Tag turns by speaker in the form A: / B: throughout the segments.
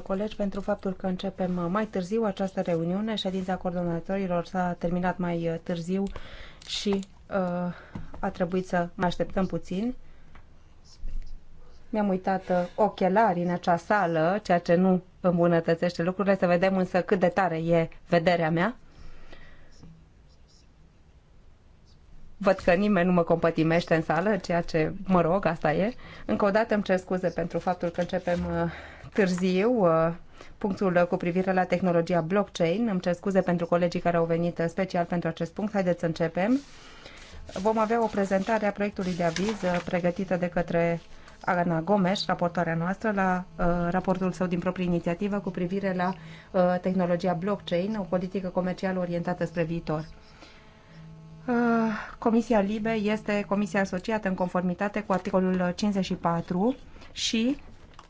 A: colegi, pentru faptul că începem mai târziu această reuniune. Ședința coordonatorilor s-a terminat mai uh, târziu și uh, a trebuit să mai așteptăm puțin. Mi-am uitat uh, ochelari în acea sală, ceea ce nu îmbunătățește lucrurile, să vedem însă cât de tare e vederea mea. Văd că nimeni nu mă compătimește în sală, ceea ce, mă rog, asta e. Încă o dată îmi cer scuze pentru faptul că începem uh, târziu uh, punctul cu privire la tehnologia blockchain. Îmi cer scuze pentru colegii care au venit uh, special pentru acest punct. Haideți să începem. Vom avea o prezentare a proiectului de aviz pregătită de către Ana Gomes, raportoarea noastră, la uh, raportul său din proprie inițiativă cu privire la uh, tehnologia blockchain, o politică comercială orientată spre viitor. Uh, comisia LIBE este comisia asociată în conformitate cu articolul 54 și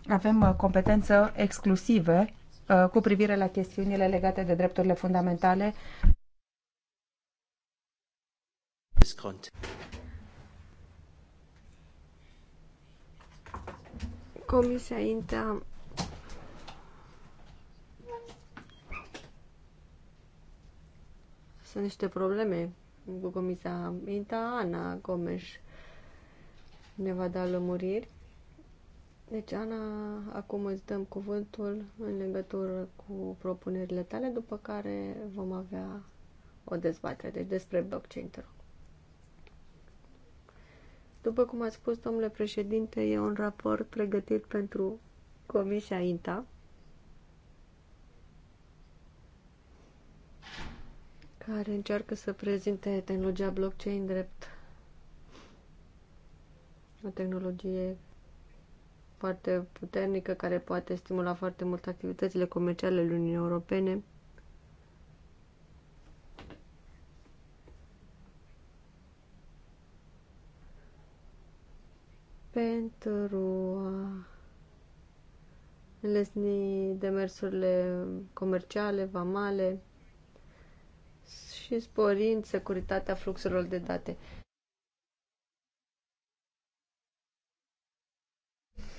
A: avem uh, competență exclusive uh, cu privire la chestiunile legate de drepturile fundamentale.
B: Comisia INTA sunt niște probleme cu comisia Inta, Ana Gomes ne va da lămuriri. Deci, Ana, acum îți dăm cuvântul în legătură cu propunerile tale, după care vom avea o dezbatere. Deci, despre blockchain, -ul. După cum a spus, domnule președinte, e un raport pregătit pentru Comisia INTA care încearcă să prezinte tehnologia blockchain drept o tehnologie foarte puternică care poate stimula foarte mult activitățile comerciale ale Uniunii Europene. Pentru a înlesni demersurile comerciale, vamale, și sporind securitatea fluxurilor de date.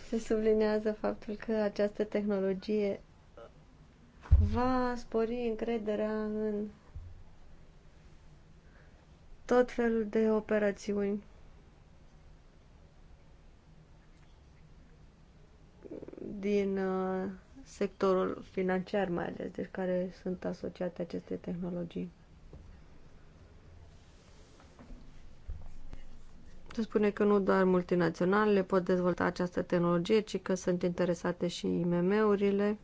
B: Se sublinează faptul că această tehnologie va spori încrederea în tot felul de operațiuni. din uh, sectorul financiar mai ales, deci care sunt asociate aceste tehnologii. Se spune că nu doar multinaționalele pot dezvolta această tehnologie, ci că sunt interesate și IMM-urile.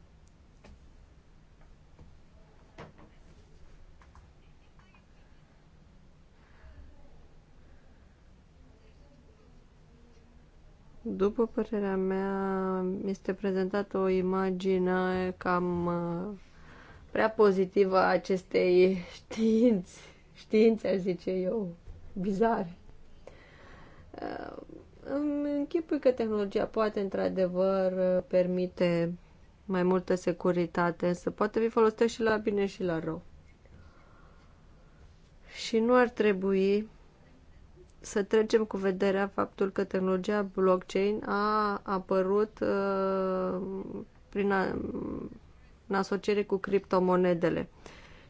B: După părerea mea, este prezentată o imagine cam uh, prea pozitivă a acestei științi, științe, aș zice eu, bizare. Uh, îmi închipui că tehnologia poate într-adevăr uh, permite mai multă securitate, însă poate fi folosită și la bine și la rău. Și nu ar trebui să trecem cu vederea faptul că tehnologia blockchain a apărut uh, prin a, în asociere cu criptomonedele.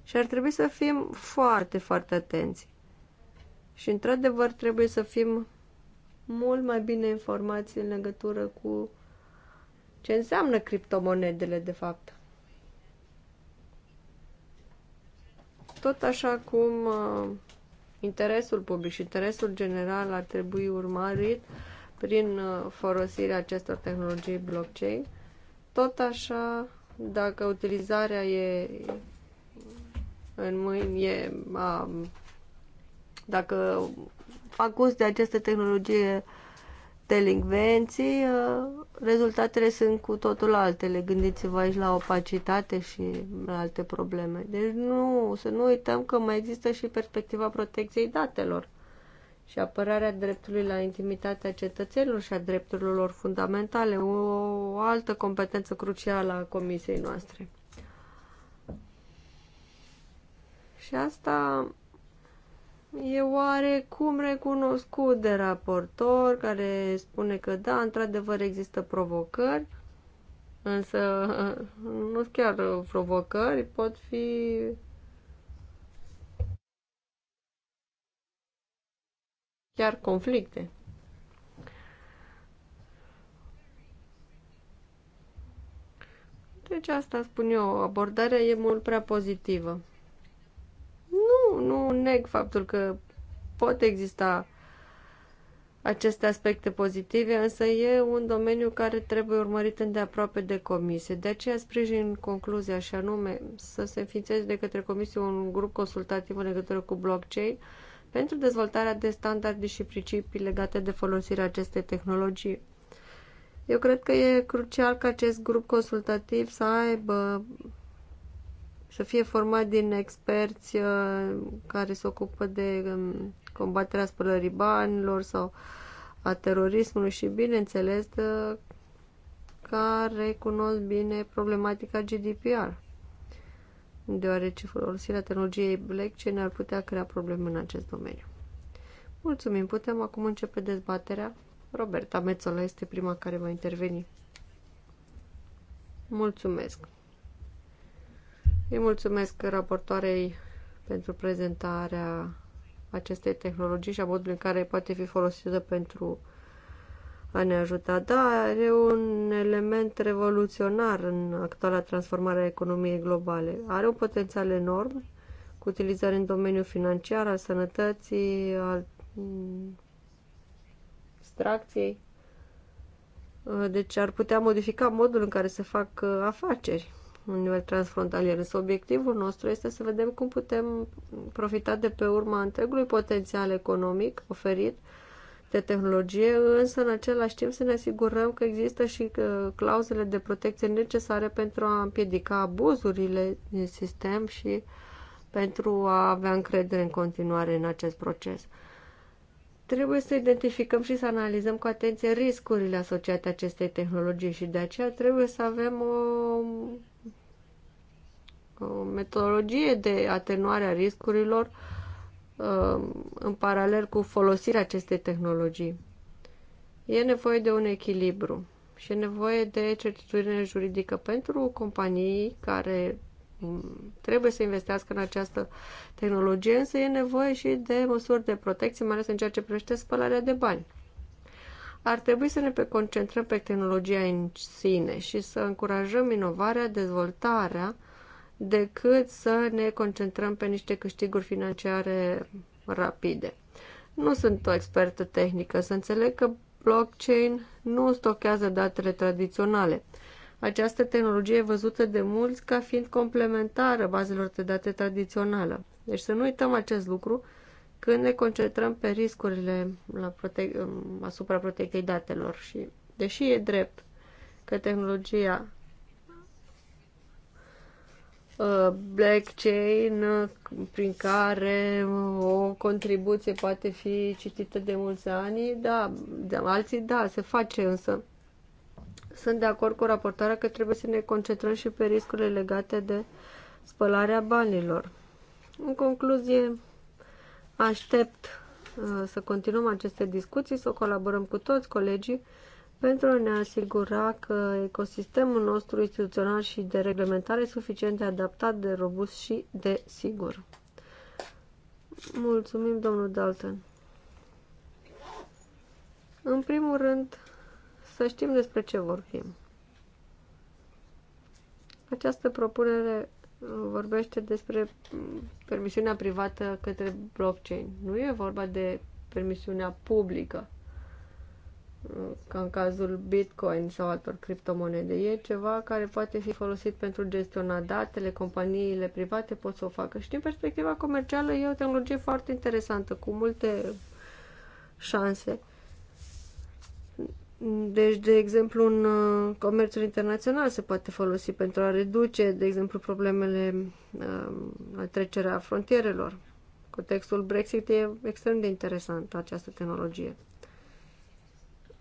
B: Și ar trebui să fim foarte, foarte atenți. Și într-adevăr trebuie să fim mult mai bine informații în legătură cu ce înseamnă criptomonedele de fapt. Tot așa cum uh, interesul public și interesul general ar trebui urmărit prin uh, folosirea acestor tehnologii blockchain, tot așa dacă utilizarea e în mâini, e, a, dacă fac gust de aceste tehnologie delinvenții, uh, rezultatele sunt cu totul altele. Gândiți-vă aici la opacitate și la alte probleme. Deci nu, să nu uităm că mai există și perspectiva protecției datelor și apărarea dreptului la intimitatea cetățenilor și a drepturilor lor fundamentale, o altă competență crucială a comisiei noastre. Și asta e oarecum recunoscut de raportor care spune că da, într-adevăr există provocări, însă nu chiar provocări, pot fi chiar conflicte. Deci asta spun eu, abordarea e mult prea pozitivă. Nu, neg faptul că pot exista aceste aspecte pozitive, însă e un domeniu care trebuie urmărit îndeaproape de comisie. De aceea sprijin concluzia și anume să se înființeze de către comisie un grup consultativ în legătură cu blockchain pentru dezvoltarea de standarde și principii legate de folosirea acestei tehnologii. Eu cred că e crucial ca acest grup consultativ să aibă să fie format din experți uh, care se ocupă de um, combaterea spălării banilor sau a terorismului și, bineînțeles, de care cunosc bine problematica GDPR, deoarece folosirea tehnologiei blockchain ar putea crea probleme în acest domeniu. Mulțumim, putem acum începe dezbaterea. Roberta Mețola este prima care va interveni. Mulțumesc! Îi mulțumesc raportoarei pentru prezentarea acestei tehnologii și a modului în care poate fi folosită pentru a ne ajuta. Da, are un element revoluționar în actuala transformare a economiei globale. Are un potențial enorm cu utilizare în domeniul financiar, al sănătății, al extracției. Deci ar putea modifica modul în care se fac uh, afaceri un nivel transfrontalier. Însă obiectivul nostru este să vedem cum putem profita de pe urma întregului potențial economic oferit de tehnologie, însă în același timp să ne asigurăm că există și uh, clauzele de protecție necesare pentru a împiedica abuzurile din sistem și pentru a avea încredere în continuare în acest proces. Trebuie să identificăm și să analizăm cu atenție riscurile asociate acestei tehnologii și de aceea trebuie să avem o metodologie de atenuare a riscurilor um, în paralel cu folosirea acestei tehnologii. E nevoie de un echilibru și e nevoie de certitudine juridică pentru companii care um, trebuie să investească în această tehnologie, însă e nevoie și de măsuri de protecție, mai ales în ceea ce privește spălarea de bani. Ar trebui să ne concentrăm pe tehnologia în sine și să încurajăm inovarea, dezvoltarea decât să ne concentrăm pe niște câștiguri financiare rapide. Nu sunt o expertă tehnică, să înțeleg că blockchain nu stochează datele tradiționale. Această tehnologie e văzută de mulți ca fiind complementară bazelor de date tradițională. Deci să nu uităm acest lucru când ne concentrăm pe riscurile la prote- asupra protecției datelor. Și deși e drept că tehnologia Uh, blockchain uh, prin care o contribuție poate fi citită de mulți ani, da, de alții da, se face însă. Sunt de acord cu raportarea că trebuie să ne concentrăm și pe riscurile legate de spălarea banilor. În concluzie, aștept uh, să continuăm aceste discuții, să colaborăm cu toți colegii pentru a ne asigura că ecosistemul nostru instituțional și de reglementare e suficient de adaptat, de robust și de sigur. Mulțumim, domnul Dalton. În primul rând, să știm despre ce vorbim. Această propunere vorbește despre permisiunea privată către blockchain. Nu e vorba de permisiunea publică ca în cazul Bitcoin sau altor criptomonede. E ceva care poate fi folosit pentru gestiona datele, companiile private pot să o facă. Și din perspectiva comercială e o tehnologie foarte interesantă, cu multe șanse. Deci, de exemplu, în uh, comerțul internațional se poate folosi pentru a reduce, de exemplu, problemele um, la trecerea frontierelor. Contextul Brexit e extrem de interesant această tehnologie.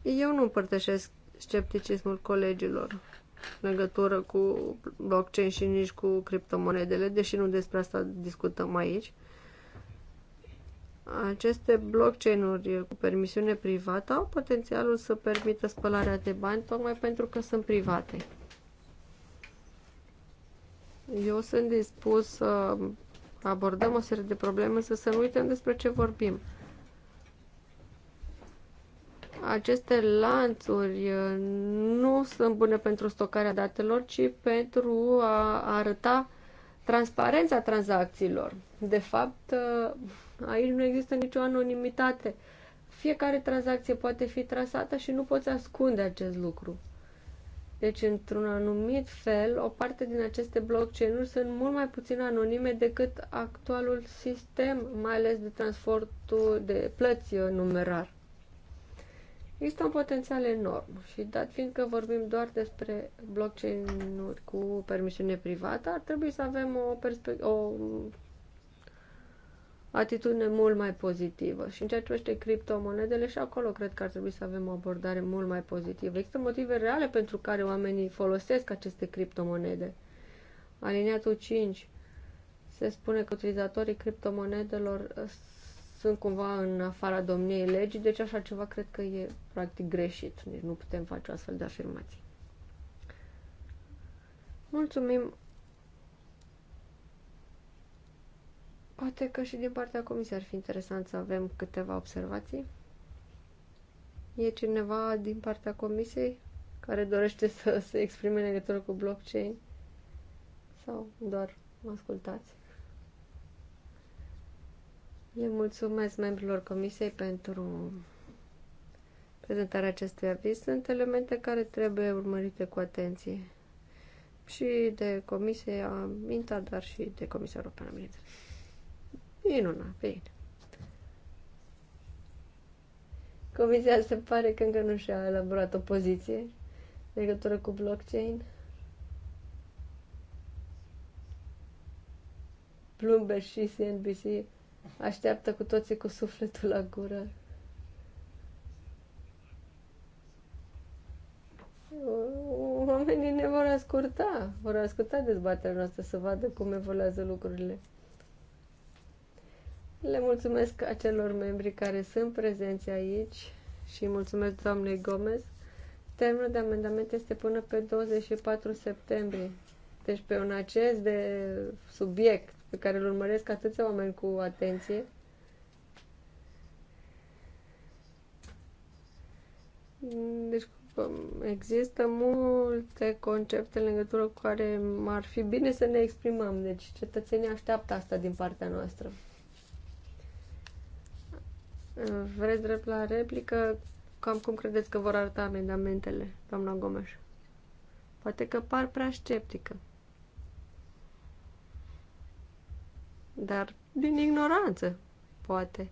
B: Eu nu împărtășesc scepticismul colegilor în legătură cu blockchain și nici cu criptomonedele, deși nu despre asta discutăm aici. Aceste blockchain-uri cu permisiune privată au potențialul să permită spălarea de bani tocmai pentru că sunt private. Eu sunt dispus să abordăm o serie de probleme, să să nu uităm despre ce vorbim aceste lanțuri uh, nu sunt bune pentru stocarea datelor, ci pentru a arăta transparența tranzacțiilor. De fapt, uh, aici nu există nicio anonimitate. Fiecare tranzacție poate fi trasată și nu poți ascunde acest lucru. Deci, într-un anumit fel, o parte din aceste blockchain-uri sunt mult mai puțin anonime decât actualul sistem, mai ales de transportul de plăți uh, numerar. Există un potențial enorm și dat fiindcă vorbim doar despre blockchain-uri cu permisiune privată, ar trebui să avem o, o atitudine mult mai pozitivă. Și în ceea ce privește criptomonedele, și acolo cred că ar trebui să avem o abordare mult mai pozitivă. Există motive reale pentru care oamenii folosesc aceste criptomonede. Aliniatul 5 se spune că utilizatorii criptomonedelor sunt cumva în afara domniei legii, deci așa ceva cred că e practic greșit. Deci nu putem face o astfel de afirmații. Mulțumim! Poate că și din partea comisiei ar fi interesant să avem câteva observații. E cineva din partea comisiei care dorește să se exprime în legătură cu blockchain? Sau doar mă ascultați? Eu mulțumesc membrilor comisiei pentru prezentarea acestui aviz. Sunt elemente care trebuie urmărite cu atenție și de Comisia Minta, dar și de Comisia Europeană, Minta. Minuna, bine. Comisia se pare că încă nu și-a elaborat o poziție în legătură cu blockchain. Bloomberg și CNBC așteaptă cu toții cu sufletul la gură. Oamenii ne vor asculta, vor asculta dezbaterea noastră să vadă cum evoluează lucrurile. Le mulțumesc acelor membri care sunt prezenți aici și mulțumesc doamnei Gomez. Termenul de amendament este până pe 24 septembrie. Deci pe un acest de subiect pe care îl urmăresc atâția oameni cu atenție. Deci există multe concepte în legătură cu care ar fi bine să ne exprimăm. Deci cetățenii așteaptă asta din partea noastră. Vreți drept la replică? Cam cum credeți că vor arăta amendamentele, doamna Gomeș? Poate că par prea sceptică. dar din ignoranță, poate.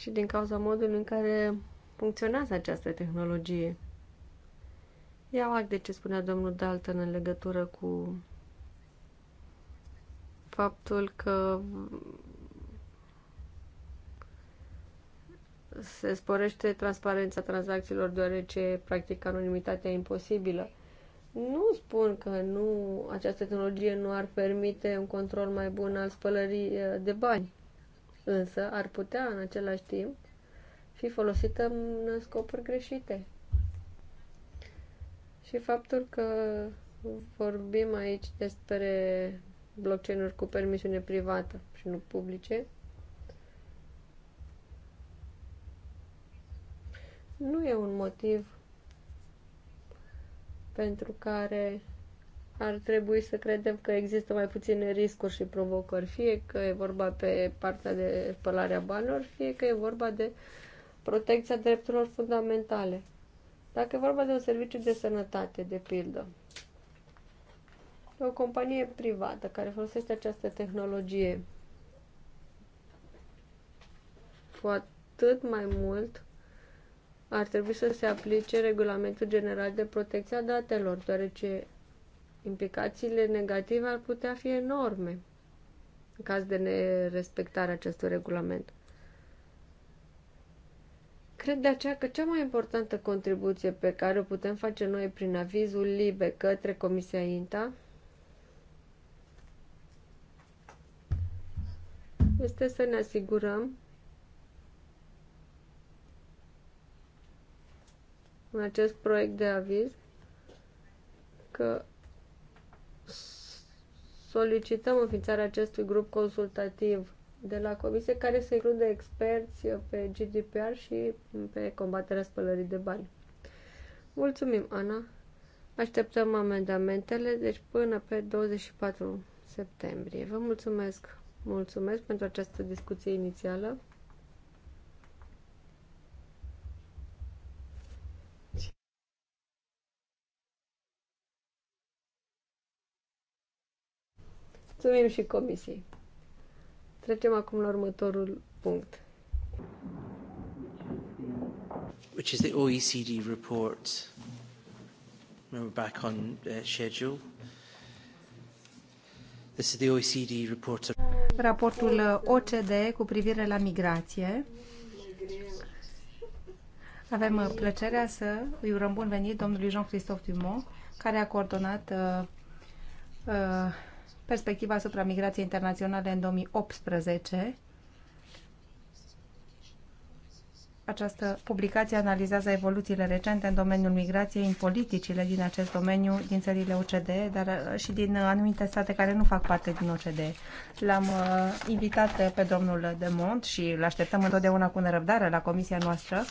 B: Și din cauza modului în care funcționează această tehnologie. Iau act de ce spunea domnul Dalton în legătură cu faptul că se sporește transparența tranzacțiilor deoarece practic anonimitatea e imposibilă. Nu spun că nu, această tehnologie nu ar permite un control mai bun al spălării uh, de bani, însă ar putea în același timp fi folosită în scopuri greșite. Și faptul că vorbim aici despre blockchain-uri cu permisiune privată și nu publice, nu e un motiv pentru care ar trebui să credem că există mai puține riscuri și provocări, fie că e vorba pe partea de spălarea banilor, fie că e vorba de protecția drepturilor fundamentale. Dacă e vorba de un serviciu de sănătate, de pildă, o companie privată care folosește această tehnologie cu atât mai mult ar trebui să se aplice regulamentul general de protecție a datelor, deoarece implicațiile negative ar putea fi enorme în caz de nerespectare acestui regulament. Cred de aceea că cea mai importantă contribuție pe care o putem face noi prin avizul LIBE către Comisia INTA este să ne asigurăm în acest proiect de aviz că solicităm înființarea acestui grup consultativ de la comisie care să includă experți pe GDPR și pe combaterea spălării de bani. Mulțumim, Ana! Așteptăm amendamentele, deci până pe 24 septembrie. Vă mulțumesc, mulțumesc pentru această discuție inițială. Mulțumim și comisiei. Trecem acum la următorul punct. Which is the OECD report. We're back on uh, schedule. This is the OECD report.
A: Raportul uh, OCD cu privire la migrație. Avem uh, plăcerea să îi urăm bun venit domnului Jean-Christophe Dumont, care a coordonat uh, uh, perspectiva asupra migrației internaționale în 2018. Această publicație analizează evoluțiile recente în domeniul migrației, în politicile din acest domeniu, din țările OCDE, dar uh, și din uh, anumite state care nu fac parte din OCDE. L-am uh, invitat pe domnul De Mont și îl așteptăm întotdeauna cu nerăbdare la comisia noastră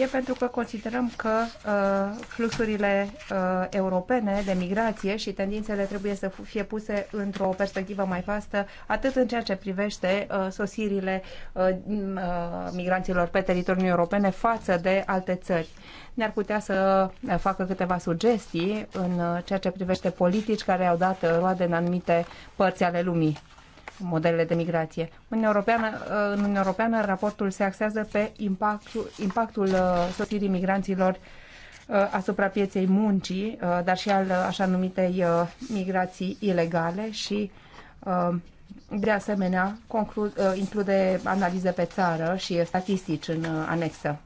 A: e pentru că considerăm că uh, fluxurile uh, europene de migrație și tendințele trebuie să fie puse într-o perspectivă mai vastă, atât în ceea ce privește uh, sosirile mm, migranților pe teritoriul europene față de alte țări. Ne-ar putea să facă câteva sugestii în ceea ce privește politici care au dat roade în anumite părți ale lumii modelele de migrație. În Europeană, uh, în Uniunea Europeană, raportul se axează pe impactul, impactul uh, sosirii migranților uh, asupra pieței muncii, dar și al așa numitei migrații ilegale și de asemenea include analize pe țară și statistici în anexă.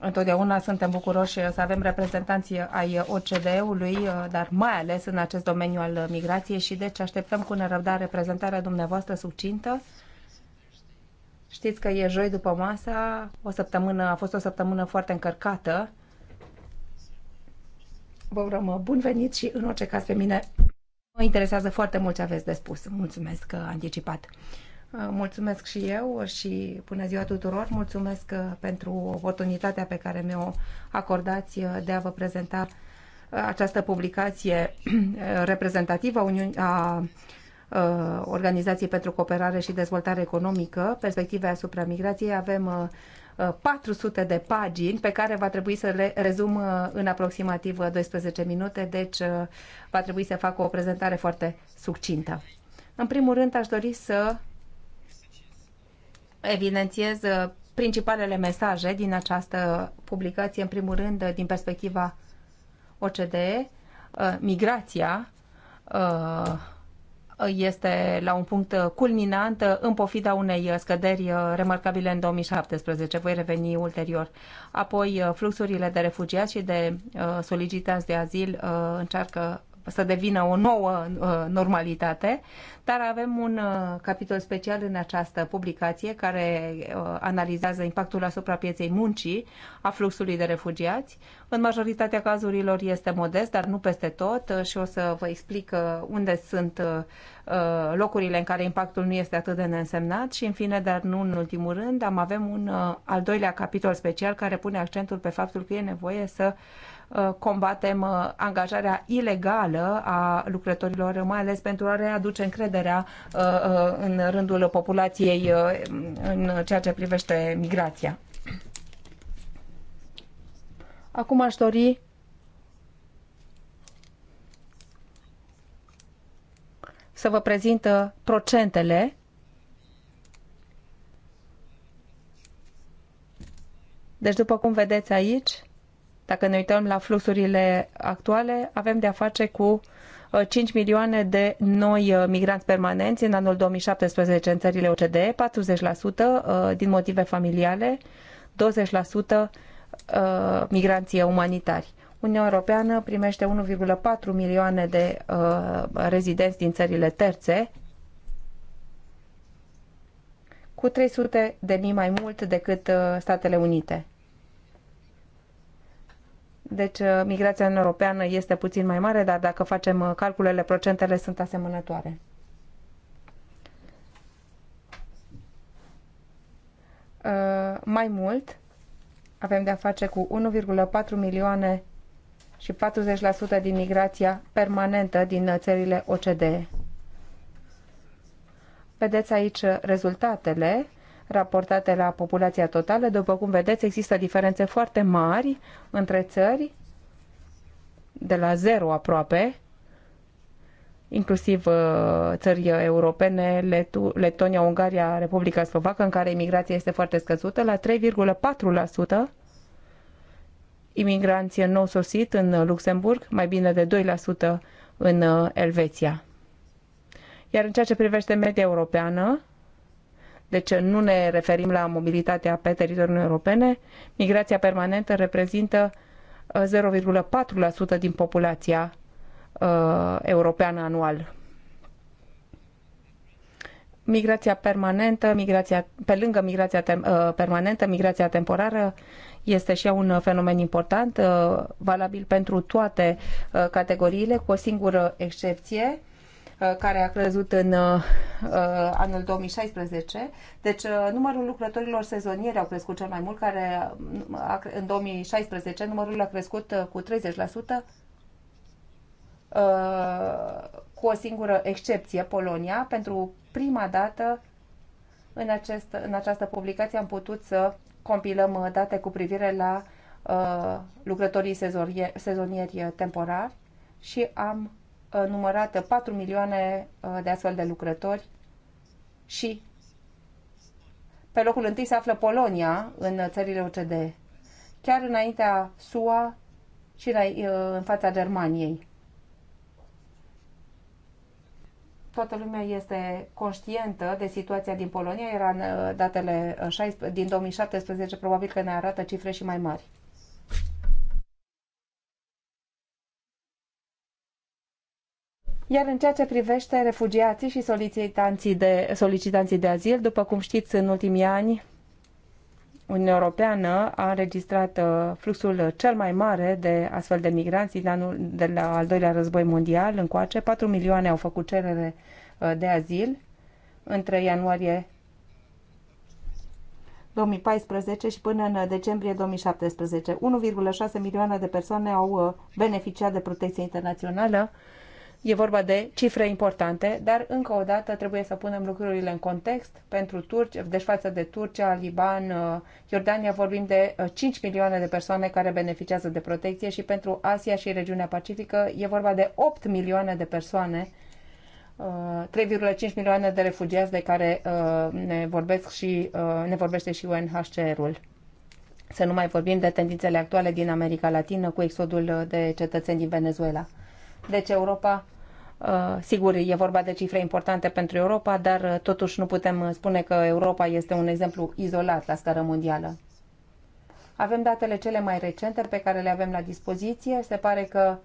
A: Întotdeauna suntem bucuroși să avem reprezentanții ai OCDE-ului, dar mai ales în acest domeniu al migrației și deci așteptăm cu nerăbdare prezentarea dumneavoastră subcintă. Știți că e joi după masa, o săptămână, a fost o săptămână foarte încărcată. Vă urăm bun venit și în orice caz pe mine mă interesează foarte mult ce aveți de spus. Mulțumesc că uh, anticipat. Uh, mulțumesc și eu și bună ziua tuturor. Mulțumesc uh, pentru oportunitatea pe care mi-o acordați uh, de a vă prezenta această publicație reprezentativă a, Uniunii, a Organizației pentru Cooperare și Dezvoltare Economică, perspective asupra migrației. Avem 400 de pagini pe care va trebui să le rezum în aproximativ 12 minute, deci va trebui să fac o prezentare foarte succintă. În primul rând, aș dori să evidențiez uh, principalele mesaje din această publicație, în primul rând, uh, din perspectiva OCDE, uh, migrația este la un punct culminant în pofida unei scăderi remarcabile în 2017. Voi reveni ulterior. Apoi, fluxurile de refugiați și de solicitanți de azil încearcă să devină o nouă uh, normalitate, dar avem un uh, capitol special în această publicație care uh, analizează impactul asupra pieței muncii a fluxului de refugiați. În majoritatea cazurilor este modest, dar nu peste tot și o să vă explic unde sunt locurile în care impactul nu este atât de neînsemnat și, în fine, dar nu în ultimul rând, am avem un al doilea capitol special care pune accentul pe faptul că e nevoie să uh, Uh, combatem uh, angajarea ilegală a lucrătorilor, mai ales pentru a readuce încrederea uh, în rândul populației în ceea ce privește migrația. Acum aș dori să vă prezint procentele Deci, după cum vedeți aici, dacă ne uităm la fluxurile actuale, avem de-a face cu 5 uh, milioane de noi uh, migranți permanenți în anul 2017 în țările OCDE, 40% uh, din motive familiale, 20% migranții umanitari. Uniunea Europeană primește 1,4 milioane de rezidenți din țările terțe, cu 300 de mii mai mult decât Statele Unite. Deci uh, migrația în europeană este puțin mai mare, dar dacă facem uh, calculele, procentele sunt asemănătoare. Uh, mai mult, avem de-a face cu 1,4 milioane și 40% din migrația permanentă din țările OCDE. Vedeți aici rezultatele raportate la populația totală. După cum vedeți, există diferențe foarte mari între țări, de la zero aproape, inclusiv uh, țări europene, Letu Letonia, Ungaria, Republica Slovacă, în care imigrația este foarte scăzută, la 3,4% imigranție nou sosit în Luxemburg, mai bine de 2% în uh, Elveția. Iar în ceea ce privește media europeană, deci nu ne referim la mobilitatea pe teritoriul europene. Migrația permanentă reprezintă 0,4% uh, din populația uh, europeană anual. Migrația permanentă, migrația, pe lângă migrația tem, uh, permanentă, migrația temporară este și ea un fenomen important, uh, valabil pentru toate uh, categoriile, cu o singură excepție Uh, care a crezut în uh, uh, anul 2016. Deci numărul lucrătorilor sezonieri au crescut cel mai mult, care în 2016 numărul a crescut cu 30%, cu o singură excepție, Polonia. Pentru prima dată în, acest, în această publicație am putut să compilăm date cu privire la uh, lucrătorii sezonieri temporari și am Uh, numărată 4 milioane uh, de astfel de lucrători și pe locul întâi se află Polonia în țările OCDE, chiar înaintea SUA și uh, în fața Germaniei. Toată lumea este conștientă de situația din Polonia, era în datele 16, din 2017, probabil că ne arată cifre și mai mari. Iar în ceea ce privește refugiații și solicitanții de, solicitanții de azil, după cum știți, în ultimii ani Uniunea Europeană a înregistrat uh, fluxul cel mai mare de astfel de migranți din anul de la al doilea război mondial încoace. 4 milioane au făcut cerere uh, de azil între ianuarie 2014 și până în decembrie 2017. 1,6 milioane de persoane au uh, beneficiat de protecție internațională E vorba de cifre importante, dar încă o dată trebuie să punem lucrurile în context pentru turci, deci față de Turcia, Liban, uh, Iordania vorbim de 5 uh, milioane de persoane care beneficiază de protecție și pentru Asia și regiunea Pacifică e vorba de 8 milioane de persoane 3,5 uh, milioane de refugiați de care ne, vorbesc și, ne vorbește și UNHCR-ul. Să nu mai vorbim de tendințele actuale din America Latină cu exodul de cetățeni din Venezuela. Deci Europa, uh, sigur, e vorba de cifre importante pentru Europa, dar uh, totuși nu putem uh, spune că Europa este un exemplu izolat la scară mondială. Avem datele cele mai recente pe care le avem la dispoziție. Se pare că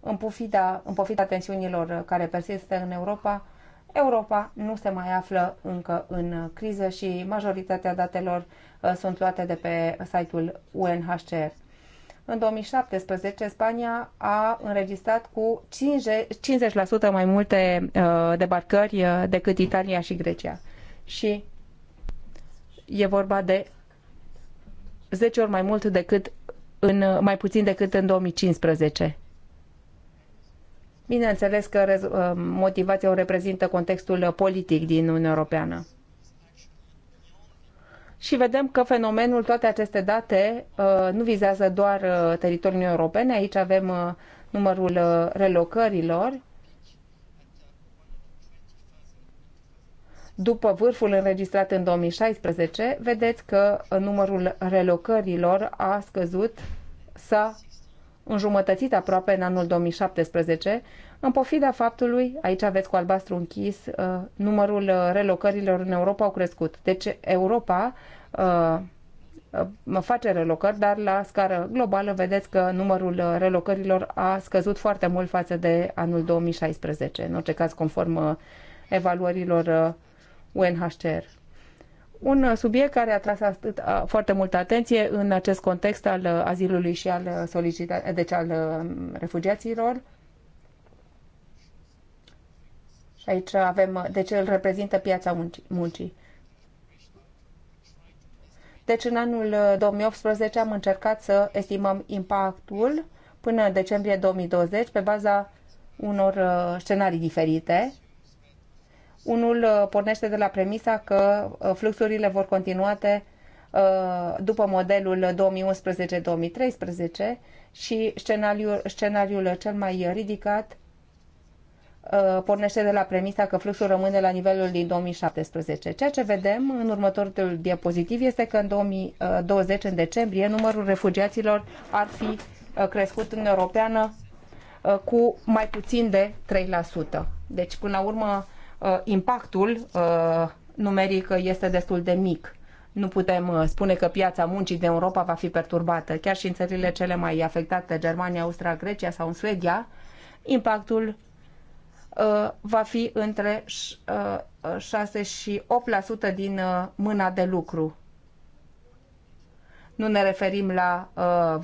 A: în pofida, în pofida tensiunilor care persistă în Europa, Europa nu se mai află încă în criză și majoritatea datelor sunt luate de pe site-ul UNHCR. În 2017, Spania a înregistrat cu 50% mai multe uh, debarcări uh, decât Italia și Grecia. Și e vorba de 10 ori mai mult decât în, mai puțin decât în 2015. Bineînțeles că uh, motivația o reprezintă contextul politic din Uniunea Europeană și vedem că fenomenul, toate aceste date, uh, nu vizează doar uh, teritoriul europene. Aici avem uh, numărul relocărilor. După vârful înregistrat în 2016, vedeți că numărul relocărilor a scăzut, s-a înjumătățit aproape în anul 2017, în pofida faptului, aici aveți cu albastru închis, uh, numărul uh, relocărilor în Europa au crescut. Deci Europa uh, face relocări, dar la scară globală vedeți că numărul relocărilor a scăzut foarte mult față de anul 2016, în orice caz conform evaluărilor UNHCR. Un subiect care a tras atât, a, foarte multă atenție în acest context al azilului și al solicita- deci al refugiaților Și aici avem, deci îl reprezintă piața muncii. Deci în anul 2018 uh, am încercat să estimăm impactul până în decembrie 2020 pe baza unor uh, scenarii diferite. Unul uh, pornește de la premisa că fluxurile vor continua după modelul 2011-2013 și scenariul, scenariul cel mai ridicat Uh, pornește de la premisa că fluxul rămâne la nivelul din 2017. Ceea ce vedem în următorul diapozitiv este că în 2020, în decembrie, numărul refugiaților ar fi uh, crescut în Europeană uh, cu mai puțin de 3%. Deci, până la urmă, impactul numeric este destul de mic. Nu putem spune că piața muncii de Europa va fi perturbată. Chiar și în țările cele mai afectate, Germania, Austria, Grecia sau în Suedia, impactul Uh, va fi între 6 uh, și 8% din uh, mâna de lucru. Nu ne referim la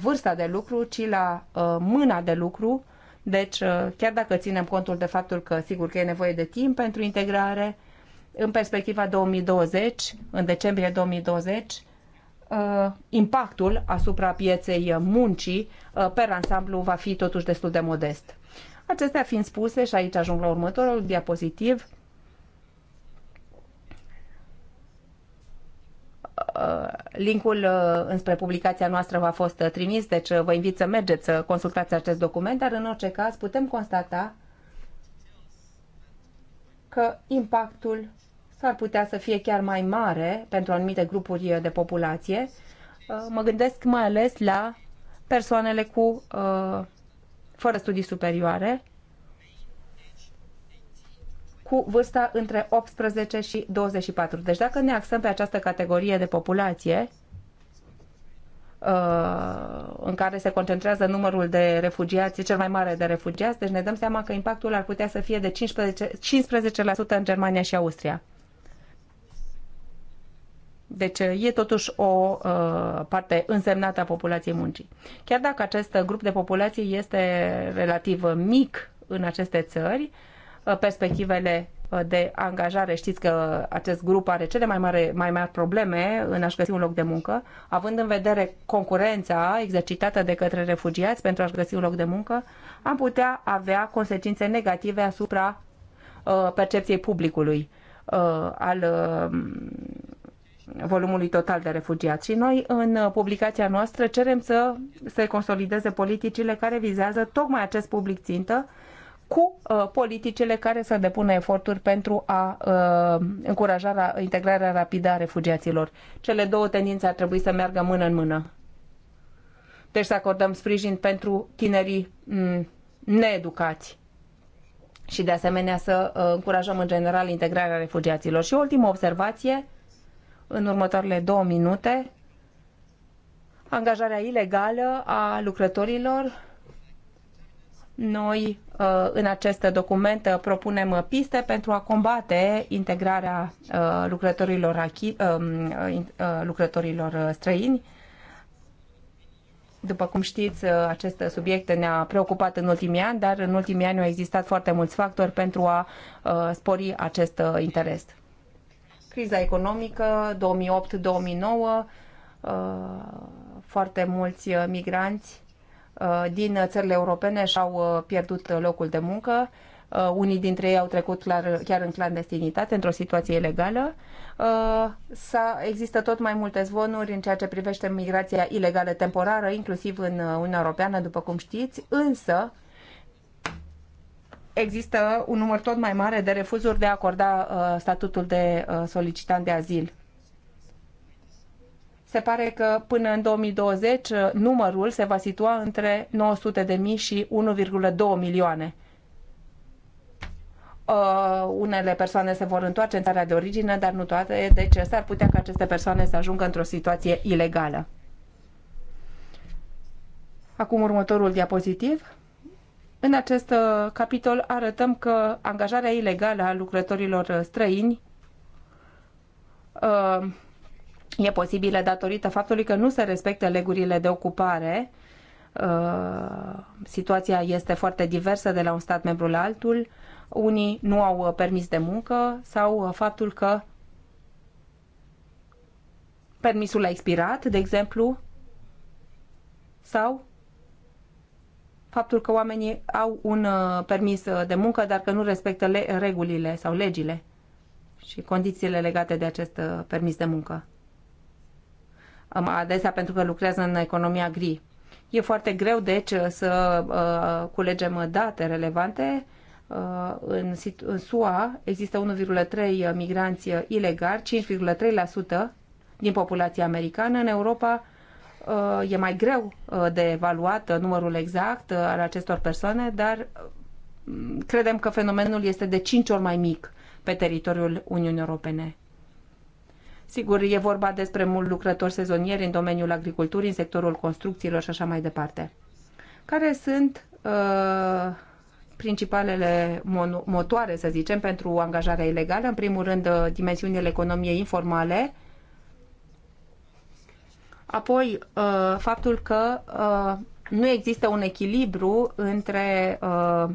A: vârsta de lucru, ci la mâna de lucru. Deci, chiar dacă ținem contul de faptul că, sigur că e nevoie de timp pentru integrare, în perspectiva 2020, în decembrie 2020, impactul asupra pieței muncii per ansamblu va fi totuși destul de modest. Acestea fiind spuse, și aici ajung la următorul diapozitiv, uh, linkul uh, înspre publicația noastră v-a fost uh, trimis, deci vă invit să mergeți să consultați acest document, dar în orice caz putem constata că impactul s-ar putea să fie chiar mai mare pentru anumite grupuri de populație. Mă gândesc mai ales la persoanele cu fără studii superioare cu vârsta între 18 și 24. Deci dacă ne axăm pe această categorie de populație, uh, în care se concentrează numărul de refugiați, cel mai mare de refugiați, deci ne dăm seama că impactul ar putea să fie de 15, 15% în Germania și Austria. Deci e totuși o uh, parte însemnată a populației muncii. Chiar dacă acest grup de populație este relativ mic în aceste țări, uh, perspectivele uh, de angajare, știți că acest grup are cele mai, mare, mai mari probleme în a-și găsi un loc de muncă, având în vedere concurența exercitată de către refugiați pentru a-și găsi un loc de muncă, am putea avea consecințe negative asupra uh, percepției publicului uh, al volumului total de refugiați. Și noi, în publicația noastră, cerem să se consolideze politicile care vizează tocmai acest public țintă, cu uh, politicile care să depună eforturi pentru a uh, încuraja ra- integrarea rapidă a refugiaților. Cele două tendințe ar trebui să meargă mână în mână. Deci să acordăm sprijin pentru tinerii m- mm, needucați și de asemenea să uh, încurajăm în general integrarea refugiaților. Și ultima ultimă observație, în următoarele două minute angajarea ilegală a lucrătorilor. Noi uh, în acest document uh, propunem uh, piste pentru a combate integrarea lucrătorilor, achi, um, lucrătorilor străini. După cum știți, acest subiect ne-a preocupat în ultimii ani, dar în ultimii ani au existat foarte mulți factori pentru a spori acest interes criza economică 2008-2009, uh, foarte mulți uh, migranți uh, din țările europene și-au pierdut locul de muncă. Unii dintre ei au trecut clar, chiar în clandestinitate, într-o situație ilegală. S-a, există tot mai multe zvonuri în ceea ce privește migrația ilegală temporară, inclusiv în Uniunea Europeană, după cum știți, însă există un număr tot mai mare de refuzuri de a acorda uh, statutul de uh, solicitant de azil. Se pare că până în 2020 uh, numărul se va situa între 900.000 și 1,2 milioane. Uh, unele persoane se vor întoarce în țara de origine, dar nu toate, deci s-ar putea ca aceste persoane să ajungă într-o situație ilegală. Acum următorul diapozitiv. În acest uh, capitol arătăm că angajarea ilegală a lucrătorilor uh, străini uh, e posibilă datorită faptului că nu se respectă legurile de ocupare. Situația este foarte diversă de la un stat membru la altul. Unii nu au permis de muncă sau faptul că permisul a expirat, de exemplu, sau faptul că oamenii au un uh, permis uh, de muncă, dar că nu respectă regulile sau legile și condițiile legate de acest uh, permis de muncă. Adesea pentru că lucrează în economia gri. E foarte greu, deci, să uh, culegem date relevante. Uh, în, în SUA există 1,3 migranți ilegali, 5,3% din populația americană. În Europa, Uh, e mai greu uh, de evaluat uh, numărul exact al acestor persoane, dar mm, credem că fenomenul este de 5 ori mai mic pe teritoriul Uniunii Europene. Sigur, e vorba despre mulți lucrători sezonieri în domeniul agriculturii, în sectorul construcțiilor și așa mai departe. Care sunt uh, principalele motoare, să zicem, pentru angajarea ilegală? În primul rând, dimensiunile economiei informale, uh, Apoi, uh, faptul că uh, nu există un echilibru între uh,